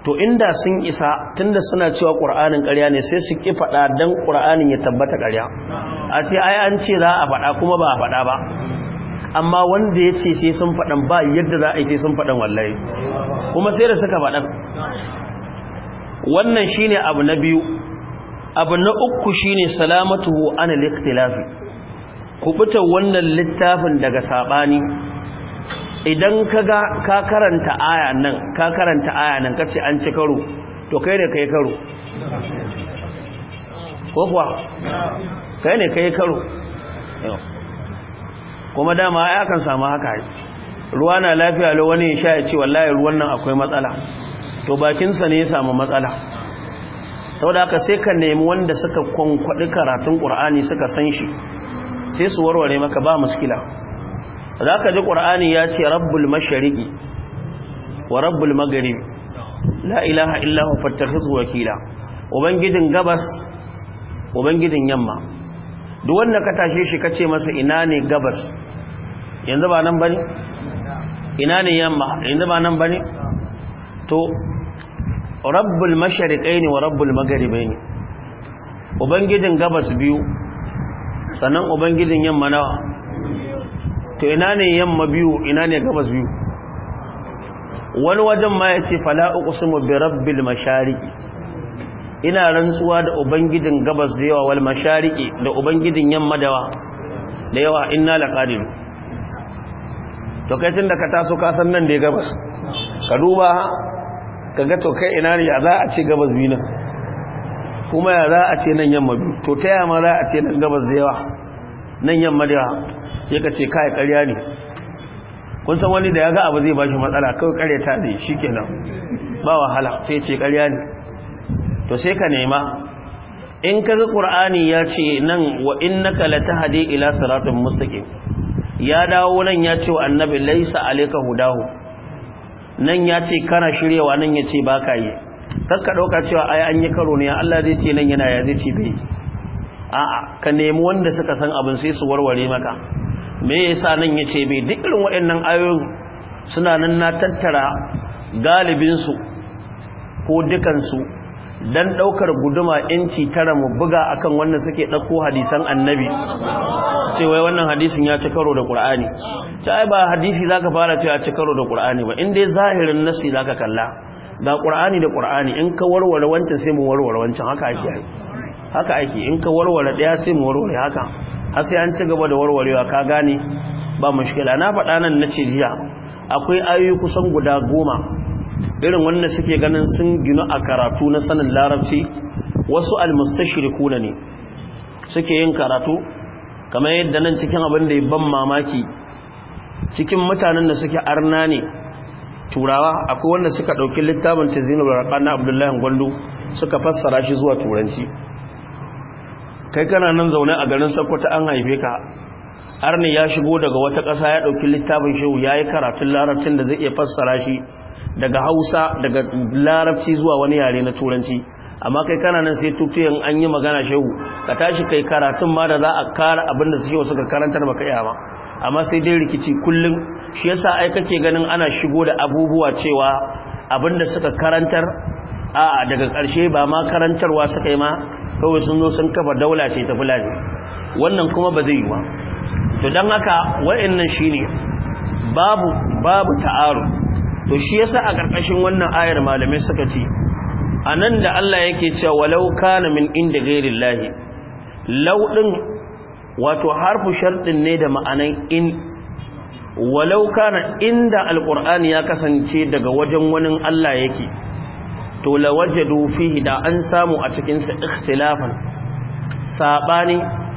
to inda sun isa tunda suna cewa ƙur'anin ƙarya ne sai su ƙi faɗa don ƙur'anin ya tabbata ƙarya a ce ai an ce za a faɗa kuma ba a faɗa ba amma wanda ya ce sai sun faɗan ba yadda za a yi sai sun faɗan wallahi kuma sai da suka faɗan wannan shi ne abu na biyu abu na uku shi ne salamatuhu ana liktilafi ku fita wannan littafin daga sabani idan ka ga ka karanta aya nan ka karanta aya nan kace an ci karo to kai ne kai karo ko kuwa kai ne kai karo kuma dama ya kan samu haka ruwa na lafiya lo wani ya sha ya ce wallahi ruwan nan akwai matsala to bakinsa ne ya samu matsala Sau da haka sai ka nemi wanda suka kwankwaɗi karatun ƙur'ani suka san shi sai su warware maka ba muskila za ka ji ƙur'ani ya ce rabbul mashariƙi wa rabbul magarib la ilaha fattar fattakhidhu wakila ubangijin gabas ubangijin yamma duk wanda ka tashe shi ka ce masa ina ne gabas yanzu ba nan ba ne? ina ne yamma yanzu ba nan ba ne? to rabbul mashariqaini wa rabbul magharibaini ubangijin gabas biyu sannan ubangijin yamma nawa to ina ne yamma biyu ina ne gabas biyu wani wajen ma yace fala uqsimu bi rabbil mashariqi ina rantsuwa da ubangijin gabas da yawa wal mashariqi da ubangijin yamma dawa da yawa inna laqadir to kai tun da ka taso ka san nan da gabas ka duba kaga to kai ina ne za a ce gabas biyu nan kuma ya za a ce nan yamma biyu to ta yamma za a ce nan gabas da yawa nan yamma da yawa sai ka ce kai karya ne kun san wani da ya ga abu zai ba shi matsala kawai karya ta ne shi kenan ba wahala sai ce karya ne to sai ka nema in ka ga qur'ani ya ce nan wa innaka latahdi ila siratin mustaqim ya dawo nan ya ce wa annabi laisa alayka hudahu nan ya ce kana shiryawa nan ya ce ba ka yi kakka ɗauka cewa ai an yi karo ne Allah zai ce nan yana ya zai ce bai a'a ka nemi wanda suka san abin sai su warware maka me yasa nan ya ce bai duk irin waɗannan ayoyin suna nan na tattara galibinsu ko dukansu dan daukar guduma inci tara mu buga akan wanda suke dauko hadisan annabi sai wai wannan hadisin ya ci karo da qur'ani ta ai ba hadisi zaka fara cewa ci karo da qur'ani ba in dai zahirin nasi zaka kalla ga qur'ani da qur'ani in ka warware wancan sai mu warware wancan haka ake yi haka ake in ka warware daya sai mu warware haka har sai an ci gaba da warwarewa ka gane ba mushkila na faɗa nan na ce jiya akwai ayoyi kusan guda goma irin wannan suke ganin sun ginu a karatu na sanin larabci wasu almustashriquna ne suke yin karatu kamar yadda nan cikin abin da ya ban mamaki cikin mutanen da suke arna ne turawa akwai wanda suka dauki littafin tazinul raqan na abdullahi Gwando suka fassara shi zuwa turanci kai kana nan zaune a garin sakkwato an haife ka arni ya shigo daga wata ƙasa ya ɗauki littafin shehu ya yi karatun larabcin da zai iya fassara shi daga hausa daga larabci zuwa wani yare na turanci amma kai kana nan sai tutuyan an yi magana shehu ka tashi kai karatun ma da za a kara abin da shehu suka karantar baka iya ba amma sai dai rikici kullum shi yasa ai kake ganin ana shigo da abubuwa cewa abin da suka karantar a'a daga ƙarshe ba ma karantarwa suka yi ma kawai sun zo sun kafa daula ce ta fulani wannan kuma ba zai yi ba to don haka wa'annan shine babu babu ta'aru to shi yasa a ƙarƙashin wannan ayar malamai suka ce anan da Allah yake cewa walau kana min inda ghairillahi law din wato harfu shartin ne da ma'anan in walau kana inda alqur'ani ya kasance daga wajen wani Allah yake to lawajadu fihi da an samu a cikin sa ikhtilafan sabani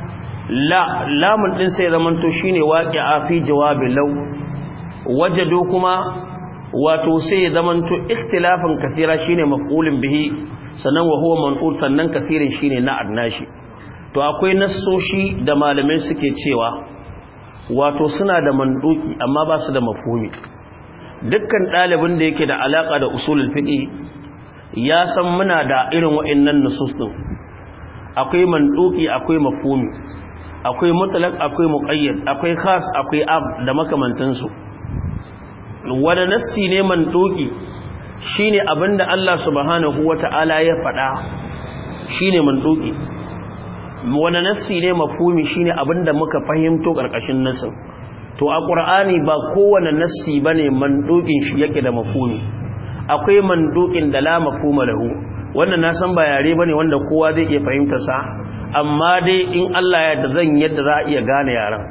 la lamun din sai zamanto shine waqi'a fi jawabi law wajadu kuma wato sai zamanto ikhtilafan kaseera shine maf'ulun bihi sannan wa huwa manqul sannan kaseerin shine na adnashi to akwai nasoshi da malamai suke cewa wato suna da manduki amma ba su da mafhumi dukkan ɗalibin da yake da alaka da usulul fiqi ya san muna da irin wa'annan nusus akwai manduki akwai mafhumi akwai mutalak akwai muqayyad akwai khas akwai ab da makamantansu wanda nassi ne manduki shine abinda Allah subhanahu wata'ala ya faɗa shine manduki wanda nassi ne mafhumi shine abinda muka fahimto karkashin nassin to a qur'ani ba kowanne nassi bane mandukin shi yake da mafhumi akwai mandukin da la mafhuma lahu wannan na san ba yare bane wanda kowa zai iya fahimta sa amma dai in Allah ya yarda zan yadda za a iya gane yaran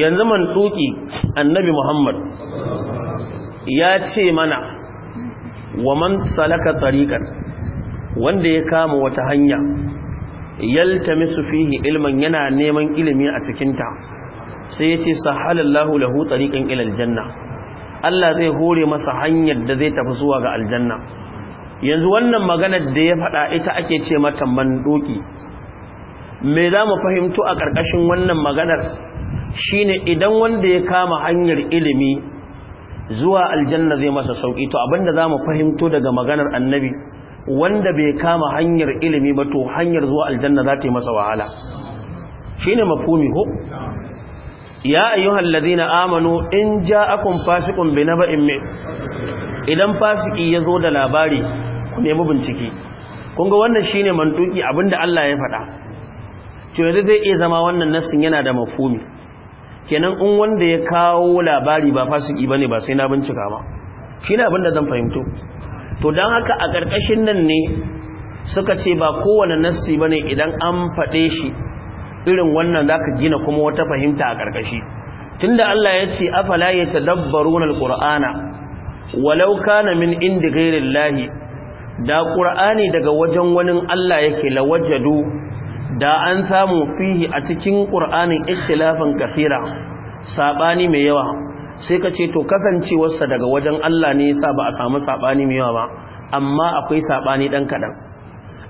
yanzu manduki annabi Muhammad ya ce mana wa man salaka tariqan wanda ya kama wata hanya yaltamisu fihi ilman yana neman ilimi a cikin ta sai ya ce sahalallahu lahu tariqan ila aljanna Allah zai hore masa hanyar da zai tafi zuwa ga aljanna yanzu wannan maganar da ya faɗa ita ake ce mata manduki me za mu fahimto a ƙarƙashin wannan maganar shine idan wanda ya kama hanyar ilimi zuwa aljanna zai masa sauƙi to abinda za mu fahimto daga maganar annabi wanda bai kama hanyar ilimi ba to hanyar zuwa aljanna za ta yi masa wahala shine mafhumi ko ya ايها ladina amanu in جاءكم فاسق بنبأ من idan fasiki yazo da labari ku nemi bincike kun ga wannan shine mantuki abinda Allah ya faɗa to yanzu zai iya zama wannan nassin yana da mafhumi kenan in wanda ya kawo labari ba fasiki bane ba sai na bincika ba shine abinda zan fahimto to dan haka a karkashin nan ne suka ce ba kowane nassi bane idan an faɗe shi irin wannan za ka gina kuma wata fahimta a tun tunda Allah ya ce afala yatadabbaruna alqur'ana walau kana min gairin lahi da ƙura'ani daga wajen wani Allah yake wajadu da an samu fihi a cikin qur'anin ikhtilafan kafira saɓani mai yawa sai ka ce to kasancewarsa daga wajen Allah ne yasa ba a samu saɓani mai yawa ba amma akwai saɓani ɗan kaɗan.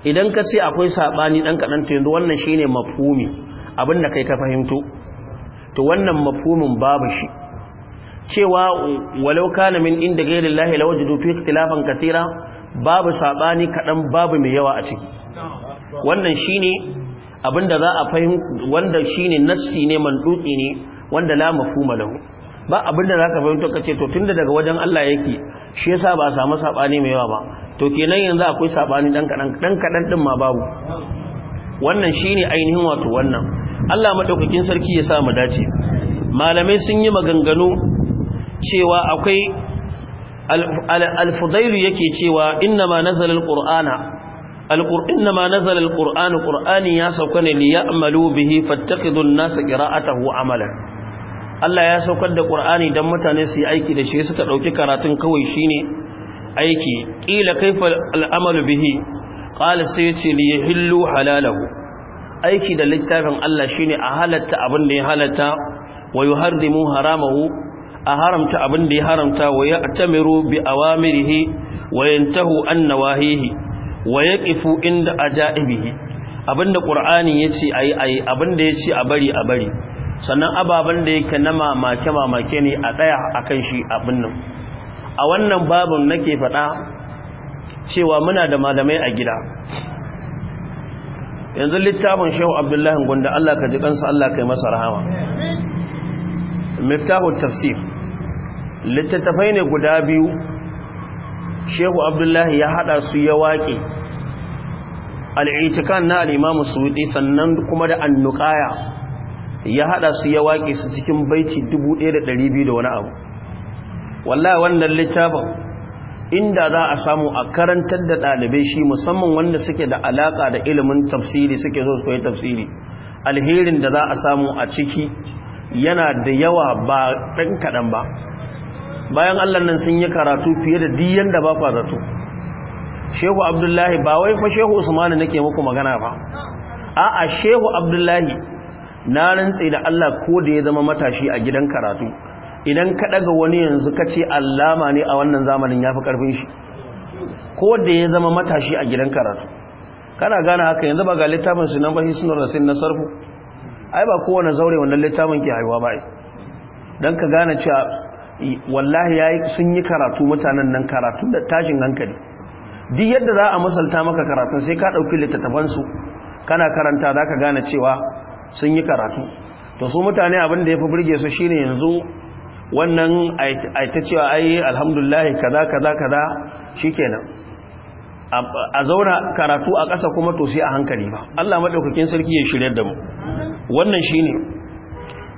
idan ka ce akwai saɓani ɗan kaɗan to yanzu wannan shine mafhumi da kai ka fahimto to wannan mafhumin babu shi cewa walau kana min inda ghairi la lawajidu fi ikhtilafan kaseera babu sabani kadan babu mai yawa a ciki wannan shine abinda za a fahimta wanda shine nassi ne manduki ne wanda la mafhuma lahu ba abinda za ka fahimta ka ce to tunda daga wajen Allah yake shi yasa ba a samu saɓani mai yawa ba to kenan yanzu akwai saɓani ɗan kaɗan ɗin ma babu wannan shi ne ainihin wato wannan Allah maɗaukakin sarki ya sa mu dace malamai sun yi maganganu cewa akwai al yake cewa innama nazala al ƙurana inma nazala نزل ya sauka ne li ya'malu bihi fattakhidhu an Allah ya saukar da Qur'ani dan mutane su yi aiki da shi suka ɗauki karatun kawai shine aiki kila kaifa al'amalu bihi qala sai li yahillu halalahu aiki da littafin Allah shine a halatta abin da ya halatta wa yuharrimu haramahu a haramta abin da ya haramta wa ya'tamiru bi awamirihi wa yantahu an nawahihi wa yaqifu inda ajaibihi abinda qur'ani yace ayi ayi abinda yace a bari a bari sannan ababen da yake na mamake-mamake ne a tsaya a kan shi abin nan a wannan babin nake faɗa cewa muna da malamai a gida yanzu littafin shehu abdullahi gunda allah ka ji kansu allah kai masa rahama miftahu tafsir littattafai ne guda biyu shehu abdullahi ya haɗa su ya waƙe al'itikan na al'imamu suwuɗi sannan kuma da annukaya ya hada su ya waƙe su cikin baiti 1200 da wani abu wallahi wannan littafin inda za a samu a karantar da ɗalibai shi musamman wanda suke da alaka da ilimin tafsiri suke zo su yi tafsiri alherin da za a samu a ciki yana da yawa ba ɗan kaɗan ba bayan allan nan sun yi karatu fiye da diyan da ba zato shehu abdullahi ba wai fa shehu usmanu nake muku magana ba a'a shehu abdullahi na rantse da Allah ko da ya zama matashi a gidan karatu idan ka daga wani yanzu ka ce allama ne a wannan zamanin ya fi karfin shi ko da ya zama matashi a gidan karatu kana gane haka yanzu ba ga littafin su nan ba suna rasin na sarfu ai ba kowane zaure wannan littafin ke haihuwa ba don ka gane cewa wallahi sun yi karatu mutanen nan karatu da tashin hankali duk yadda za a masalta maka karatu sai ka ɗauki littattafansu kana karanta za ka gane cewa sun yi karatu to su mutane abin da ya fi burge su shine yanzu wannan aita cewa ai alhamdulillah kaza kaza kaza shikenan a zauna karatu a ƙasa kuma to sai a hankali ba Allah madaukakin sarki ya shirya da mu wannan shine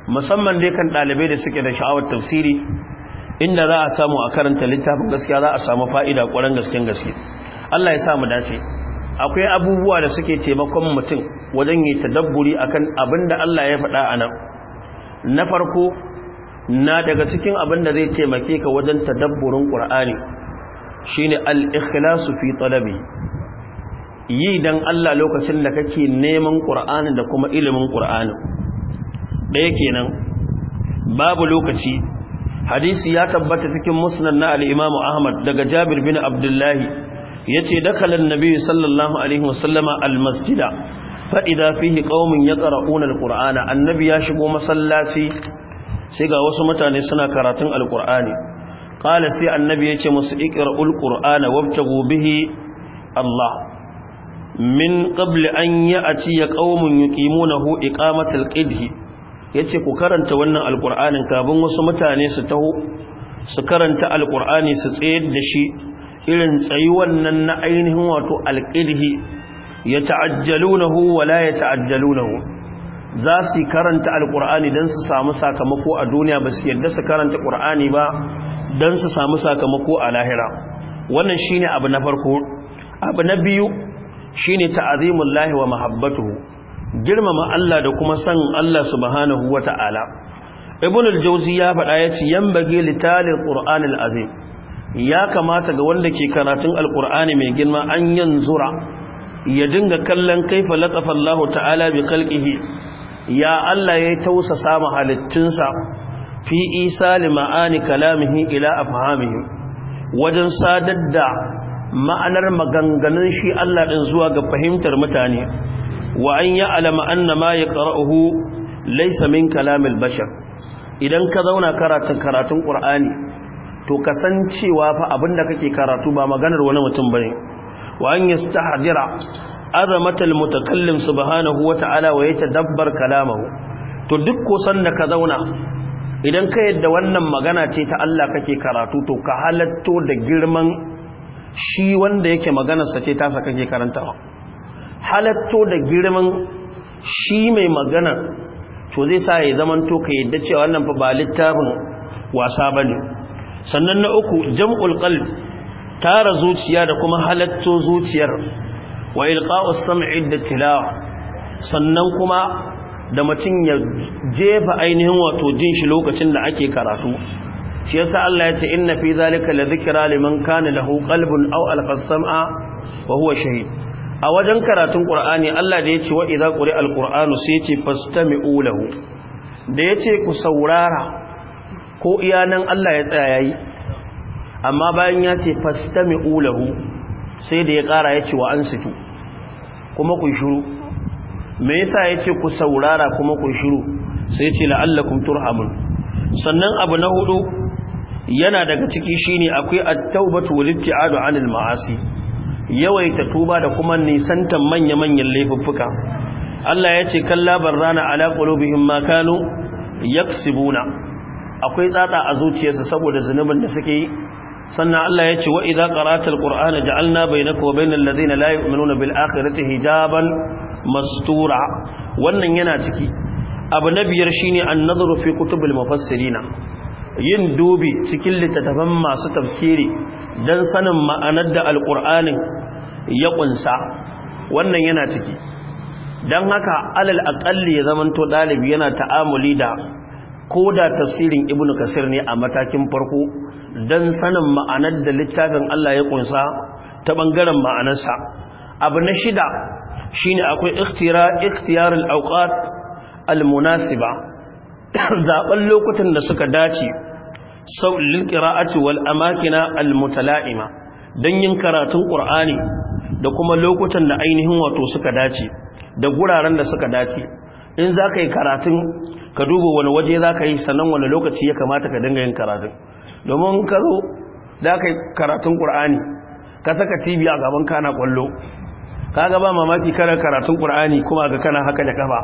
musamman dai kan ɗalibai da suke da sha'awar tafsiri inda za a samu a karanta littafin gaskiya za a samu fa'ida ƙwarar gaskiyar gaske Allah ya mu dace akwai abubuwa da suke taimakon mutum wajen yi tadabburi akan abin da Allah ya faɗa a nan na farko na daga cikin abin da zai taimake ka wajen tadabburin ƙur'ani shine al-ikhlasu fi talabi yi dan Allah lokacin da kake neman ƙur'ani da kuma ilimin ƙur'ani ɗaya kenan babu lokaci hadisi ya tabbata cikin musnad na al-Imam Ahmad daga Jabir bin Abdullahi yace dakala annabi sallallahu alaihi wasallama almasjida fa idza fihi qaumun yaqra'una alqur'ana annabi ya shigo masallaci sai ga wasu mutane suna karatun alqur'ani ƙala sai annabi yace musu iqra'ul qur'ana wabta gobihi Allah min qabli an na qaumun yuqimunahu iqamatal Ya yace ku karanta wannan alqur'anin kafin wasu mutane su taho su karanta alqur'ani su tsayar da shi irin tsayuwan nan na ainihin wato alqidhi yata'ajjalunahu wa la yata'ajjalunahu za su karanta Alƙur'ani dan su samu sakamako a duniya ba su yadda su karanta ƙur'ani ba dan su samu sakamako a lahira wannan shine abu na farko abu na biyu shine ta'azimullahi wa mahabbatuhu girmama Allah da kuma san Allah subhanahu wata'ala ibn al-jawzi ya faɗa yace yanbaghi litalil qur'anil azim ya kamata ga wanda ke karatun alkur'ani mai girma an yanzura ya dinga kallon kaifa latafa Allah ta'ala bi khalqihi ya Allah ya tausasa ma sa, fi isa ma'ani kalamihi ila afhamihi wajen sadar da ma'anar maganganun shi Allah din zuwa ga fahimtar mutane wa an ya'lama anna ma yaqra'uhu laysa min kalamil bashar idan ka zauna karatun karatun qur'ani to kasancewa fa abinda kake karatu ba maganar wani mutum bane wa an yastahdira azamatul mutakallim subhanahu wata'ala wa yatadabbar kalamahu to duk kusan da ka zauna idan ka yadda wannan magana ce ta Allah kake karatu to ka halatto da girman shi wanda yake maganarsa ce tasa kake karantawa halatto da girman shi mai magana to zai sa ya zamanto ka yadda cewa wannan fa ba littafin wasa bane sannan na uku jam'ul qalb tara zuciya da kuma halatto zuciyar wa ilqa'us sam'i da tilawa sannan kuma da mutum ya jefa ainihin wato jin shi lokacin da ake karatu shi yasa Allah ya ce inna fi zalika la dhikra liman kana lahu qalbun aw alqa sam'a wa huwa shahid a wajen karatun qur'ani Allah da yace wa idza quri alqur'anu sai yace fastami'u lahu da yace ku saurara ko iya nan Allah ya tsaya yi amma bayan ya ce mai ulahu sai da ya ƙara ya ce wa ansitu kuma ku shiru me yasa ya ce ku saurara kuma ku shiru sai ya ce la'allakum turhamun sannan abu na hudu yana daga ciki shine akwai at-taubatu wal ibtiadu 'anil ma'asi yawaita tuba da kuma nisantan manya-manyan laifuffuka Allah ya ce labar rana ala qulubihim ma kanu yaksibuna akwai tsatsa a zuciyarsa saboda zunubin da suke yi sannan Allah ya ce wa idza qara'atal qur'ana ja'alna bainaka wa bainal ladina la yu'minuna bil akhirati hijaban mastura wannan yana ciki abu na biyar shine an-nadhru fi kutubil mufassirina yin dubi cikin littattafan masu tafsiri dan sanin ma'anar da alqur'anin ya kunsa wannan yana ciki dan haka alal aqalli ya zamanto dalibi yana ta'amuli da ko da tasirin ibn kasir ne a matakin farko don sanin ma'anar da littafin Allah ya kunsa ta ɓangaren ma'anarsa abu na shida shi ne akwai ikhtiyar al-awqat al-munasiba lokutan da suka dace sau lil qira'ati a amakina al-mutala'ima don yin karatun ƙur'ani da kuma lokutan da ainihin wato suka dace da guraren da suka dace in za ka yi karatun ka duba wani waje za ka yi sannan wani lokaci ya kamata ka dinga yin karatun domin ka zo za ka yi karatun ƙur'ani ka saka tv a gaban kana ƙwallo ka gaba mamaki kana karatun ƙur'ani kuma ga kana haka da kafa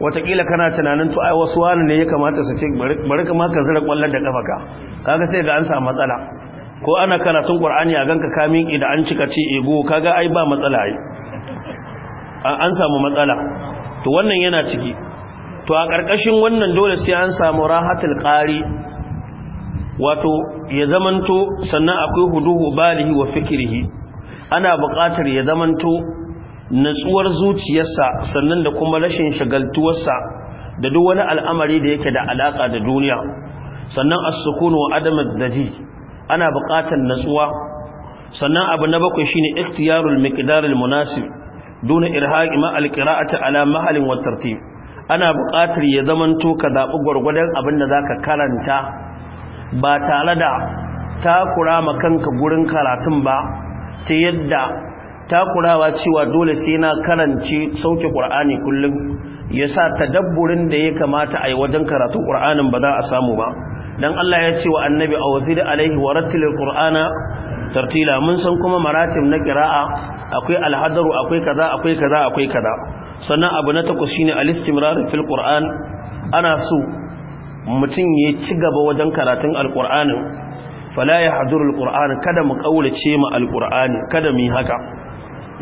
watakila kana tunanin to ai wasu wani ne ya kamata su ce bari kama ka zira ƙwallon da kafa ka kaga sai ga an samu matsala ko ana karatun ƙur'ani a ganka kamin idan an cika ce ego kaga ai ba matsala ai an samu matsala to wannan yana ciki to a ƙarƙashin wannan dole sai an samu rahatul ƙari wato ya zamanto sannan akwai huduhu balihi wa fikirihi ana buƙatar ya zamanto natsuwar zuciyarsa sannan da kuma rashin shagaltuwarsa da duk wani al'amari da yake da alaƙa da duniya sannan as-sukun wa adam daji ana buƙatar natsuwa sannan abu na bakwai shine ikhtiyarul miqdaril munasib duna irhaqi ma al-qira'ati ala mahalin wa tartib ana buƙatar ya zamanto ka zaɓi gwargwadon abin da za ka karanta ba tare da takura kanka gurin karatun ba ta yadda takurawa cewa dole sai na karanci sauke ƙur'ani kullum ya sa tadabburin da ya kamata a yi wajen karatun ƙur'anin ba za a samu ba dan Allah ya ce wa annabi a waziri alaihi wa rattilil qur'ana tartila mun san kuma maratib na qira'a akwai alhadaru akwai kaza akwai kaza akwai kaza sannan abu na takwas shine alistimrar istimrar fil qur'an ana so mutum ya ci gaba wajen karatun alqur'anin fala yahduru alqur'an kada mu kaulace ma alqur'ani kada mu yi haka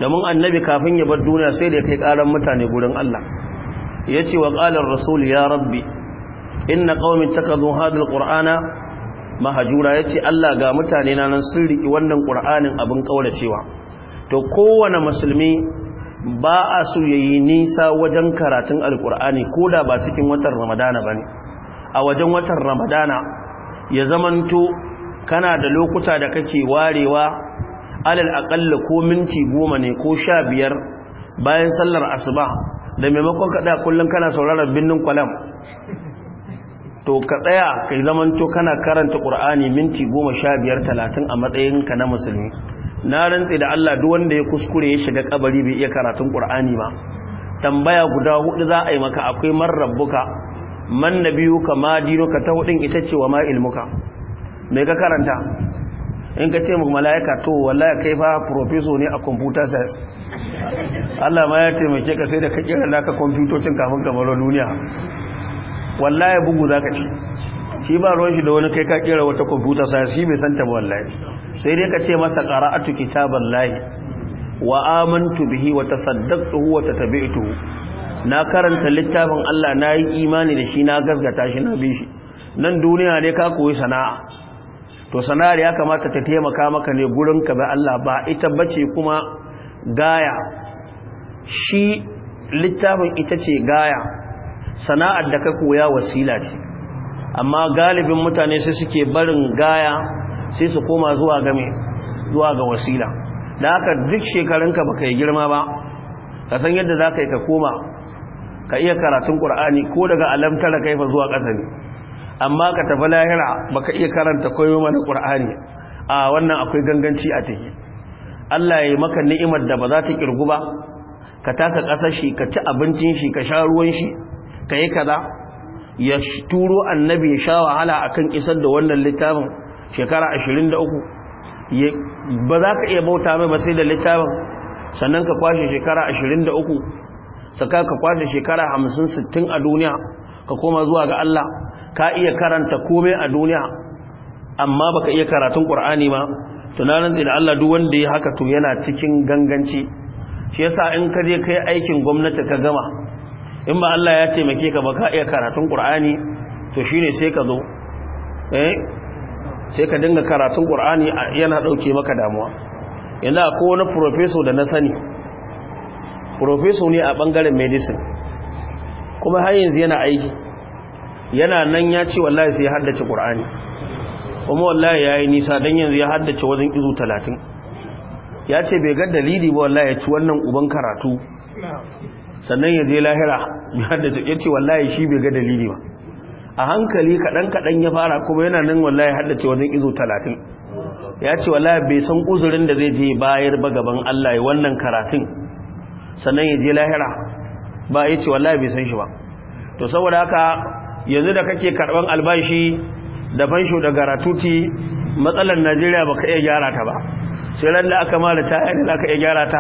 mun annabi kafin ya bar duniya sai da ya kai karan mutane gurin Allah yace wa qala ar-rasul ya rabbi inna qaumi takadhu hadal qur'ana mahajura yace Allah ga mutane na nan sun riki wannan qur'anin abin kaurecewa to kowane musulmi ba a so yayi nisa wajen karatun alqur'ani da ba cikin watan ramadana bane a wajen watan ramadana ya zamanto kana da lokuta da kake warewa alal aqall ko minti 10 ne ko 15 bayan sallar asuba da maimakon kada kullun kana sauraron binnin kwalam to ka tsaya kai zamanto kana karanta qur'ani minti goma 15 talatin a matsayinka na musulmi na rantsi da Allah duk wanda ya kuskure ya shiga kabari bai iya karatun qur'ani ba tambaya guda hudu za a yi maka akwai man rabbuka man nabiyuka ma dinuka ta hudin ita ce wa ma ilmuka me ka karanta in ka ce mu mala'ika to wallahi kai fa professor ne a computer science Allah ma ya taimake ka sai da ka kira naka kwamfutocin kafin ka baro duniya wallahi bugu zaka ci shi ba ruwan shi da wani kai ka kira wata kwamfuta sa shi bai santa ba wallahi sai dai ka ce masa a taban layi wa amantu bihi wa ta wa tuhu na karanta littafin Allah na yi imani da shi na gasgata shi na bi shi nan duniya ne ka koyi sana'a to sana'ar ya kamata ta taimaka maka ne gurin ka ba Allah ba ita bace kuma gaya shi littafin ita ce gaya sana'ar da ka koya wasila ce amma galibin mutane sai suke barin gaya sai su koma zuwa ga zuwa ga wasila da aka duk shekarunka baka yi girma ba ka san yadda za ka yi ka koma ka iya karatun ƙura'ani ko daga alamtara kaifa zuwa ƙasa ne amma ka tafi lahira baka iya karanta koyo mana ƙur'ani a wannan akwai ganganci a ciki Allah ya yi maka ni'imar da ba za ta kirgu ba ka taka ƙasar ka ci abincin shi ka sha ruwan shi ka yi kaza ya turo annabi ya sha wahala a kan isar da wannan littafin shekara 23 ba za ka iya bauta mai ba sai da littafin sannan ka kwashe shekara 23 saka ka kwashe shekara 50 60 a duniya ka koma zuwa ga Allah ka iya karanta komai a duniya amma ba ka iya karatun ƙur'ani ma tunanin da Allah duk wanda ya haka to yana cikin ganganci shi yasa in ka je kai aikin gwamnati ka gama in ba Allah ya maki ka ba ka iya karatun ƙur'ani to shi ne sai ka zo eh sai ka dinga karatun ƙur'ani yana dauke maka damuwa yana ko wani profeso da na sani profeso ne a bangaren medicine kuma har yana aiki yana nan ya ce wallahi sai ya haddace ƙur'ani kuma wallahi yi nisa don yanzu ya haddace wajen izu talatin. ya ce bai ga dalili ba wallahi ya ci wannan uban karatu sannan ya je lahira ya ce wallahi shi bai ga dalili ba a hankali kaɗan-kaɗan ya fara kuma yana nan wallahi haddace wajen izo talatin ya ce wallahi bai san uzurin da zai je bayar ba gaban Allah ya wannan karatun sannan ya je lahira ba ya ce wallahi bai san shi ba to saboda haka yanzu da kake karɓan albashi da fansho da garatuti matsalar najeriya ba ka iya gyara ta ba sai ran aka mara taya ne zaka iya gyara ta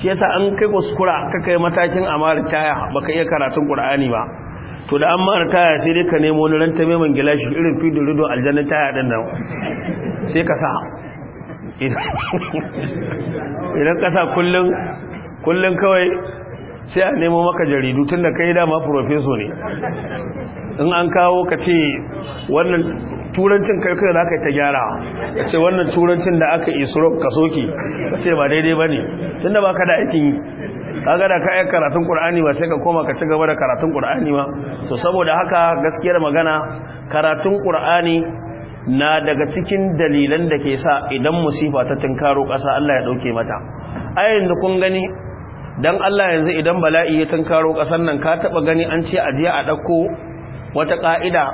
shi yasa an kai kuskura ka kai matakin a mara taya ba ka iya karatun ƙura'ani ba to da an mara taya sai dai ka nemo wani ranta mai meman gilashi irin fidin rido aljanna taya ɗin nan sai ka sa idan ka sa kawai sai a nemo maka jaridu tun tunda kai dama profeso ne in an kawo ka ce wannan turancin kai da aka ta gyara ka ce wannan turancin da aka surok ka soke ka ce ba daidai ba ne tun da ba ka da aikin yi ka gada ka yi karatun ƙur'ani ba sai ka koma ka ci gaba da karatun ƙur'ani ba to saboda haka gaskiyar magana karatun ƙur'ani na daga cikin dalilan da ke sa idan musifa ta tunkaro ƙasa Allah ya ɗauke mata ayin da kun gani don Allah yanzu idan bala'i ya tunkaro ƙasan nan ka taɓa gani an ce a jiya a ɗauko wata ƙa'ida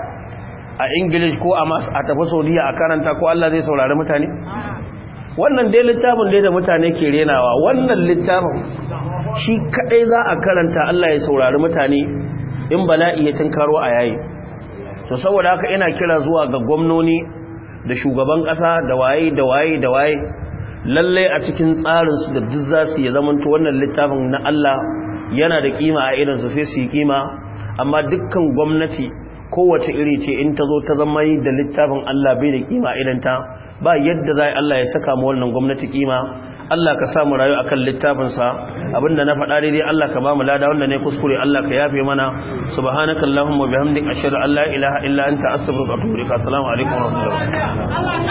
a Ingilish ko a mas a tafi saudiya a karanta ko allah zai saurari mutane wannan dai littafin dai da mutane ke renawa wannan littafin shi kaɗai za a karanta allah ya saurari mutane in bala iya ya tunkaro a yayi so saboda haka ina kira zuwa ga gwamnoni da shugaban ƙasa da waye da waye da waye lalle a cikin tsarinsu da duk zasu su ya zamanto wannan littafin na Allah yana da kima a su sai su yi kima amma dukkan gwamnati kowace iri ce in ta zo ta zama yi da littafin Allah bai da kima idan ta ba yadda za Allah ya saka mu wannan gwamnati kima Allah ka samu rayu a akan littafinsa abinda na faɗa daidai Allah ka ba mu lada wanda ne kuskure Allah ka yafe mana subhanaka allahumma bihamdika ashhadu an la ilaha illa anta astaghfiruka wa atubu ilaik assalamu alaikum wa rahmatullahi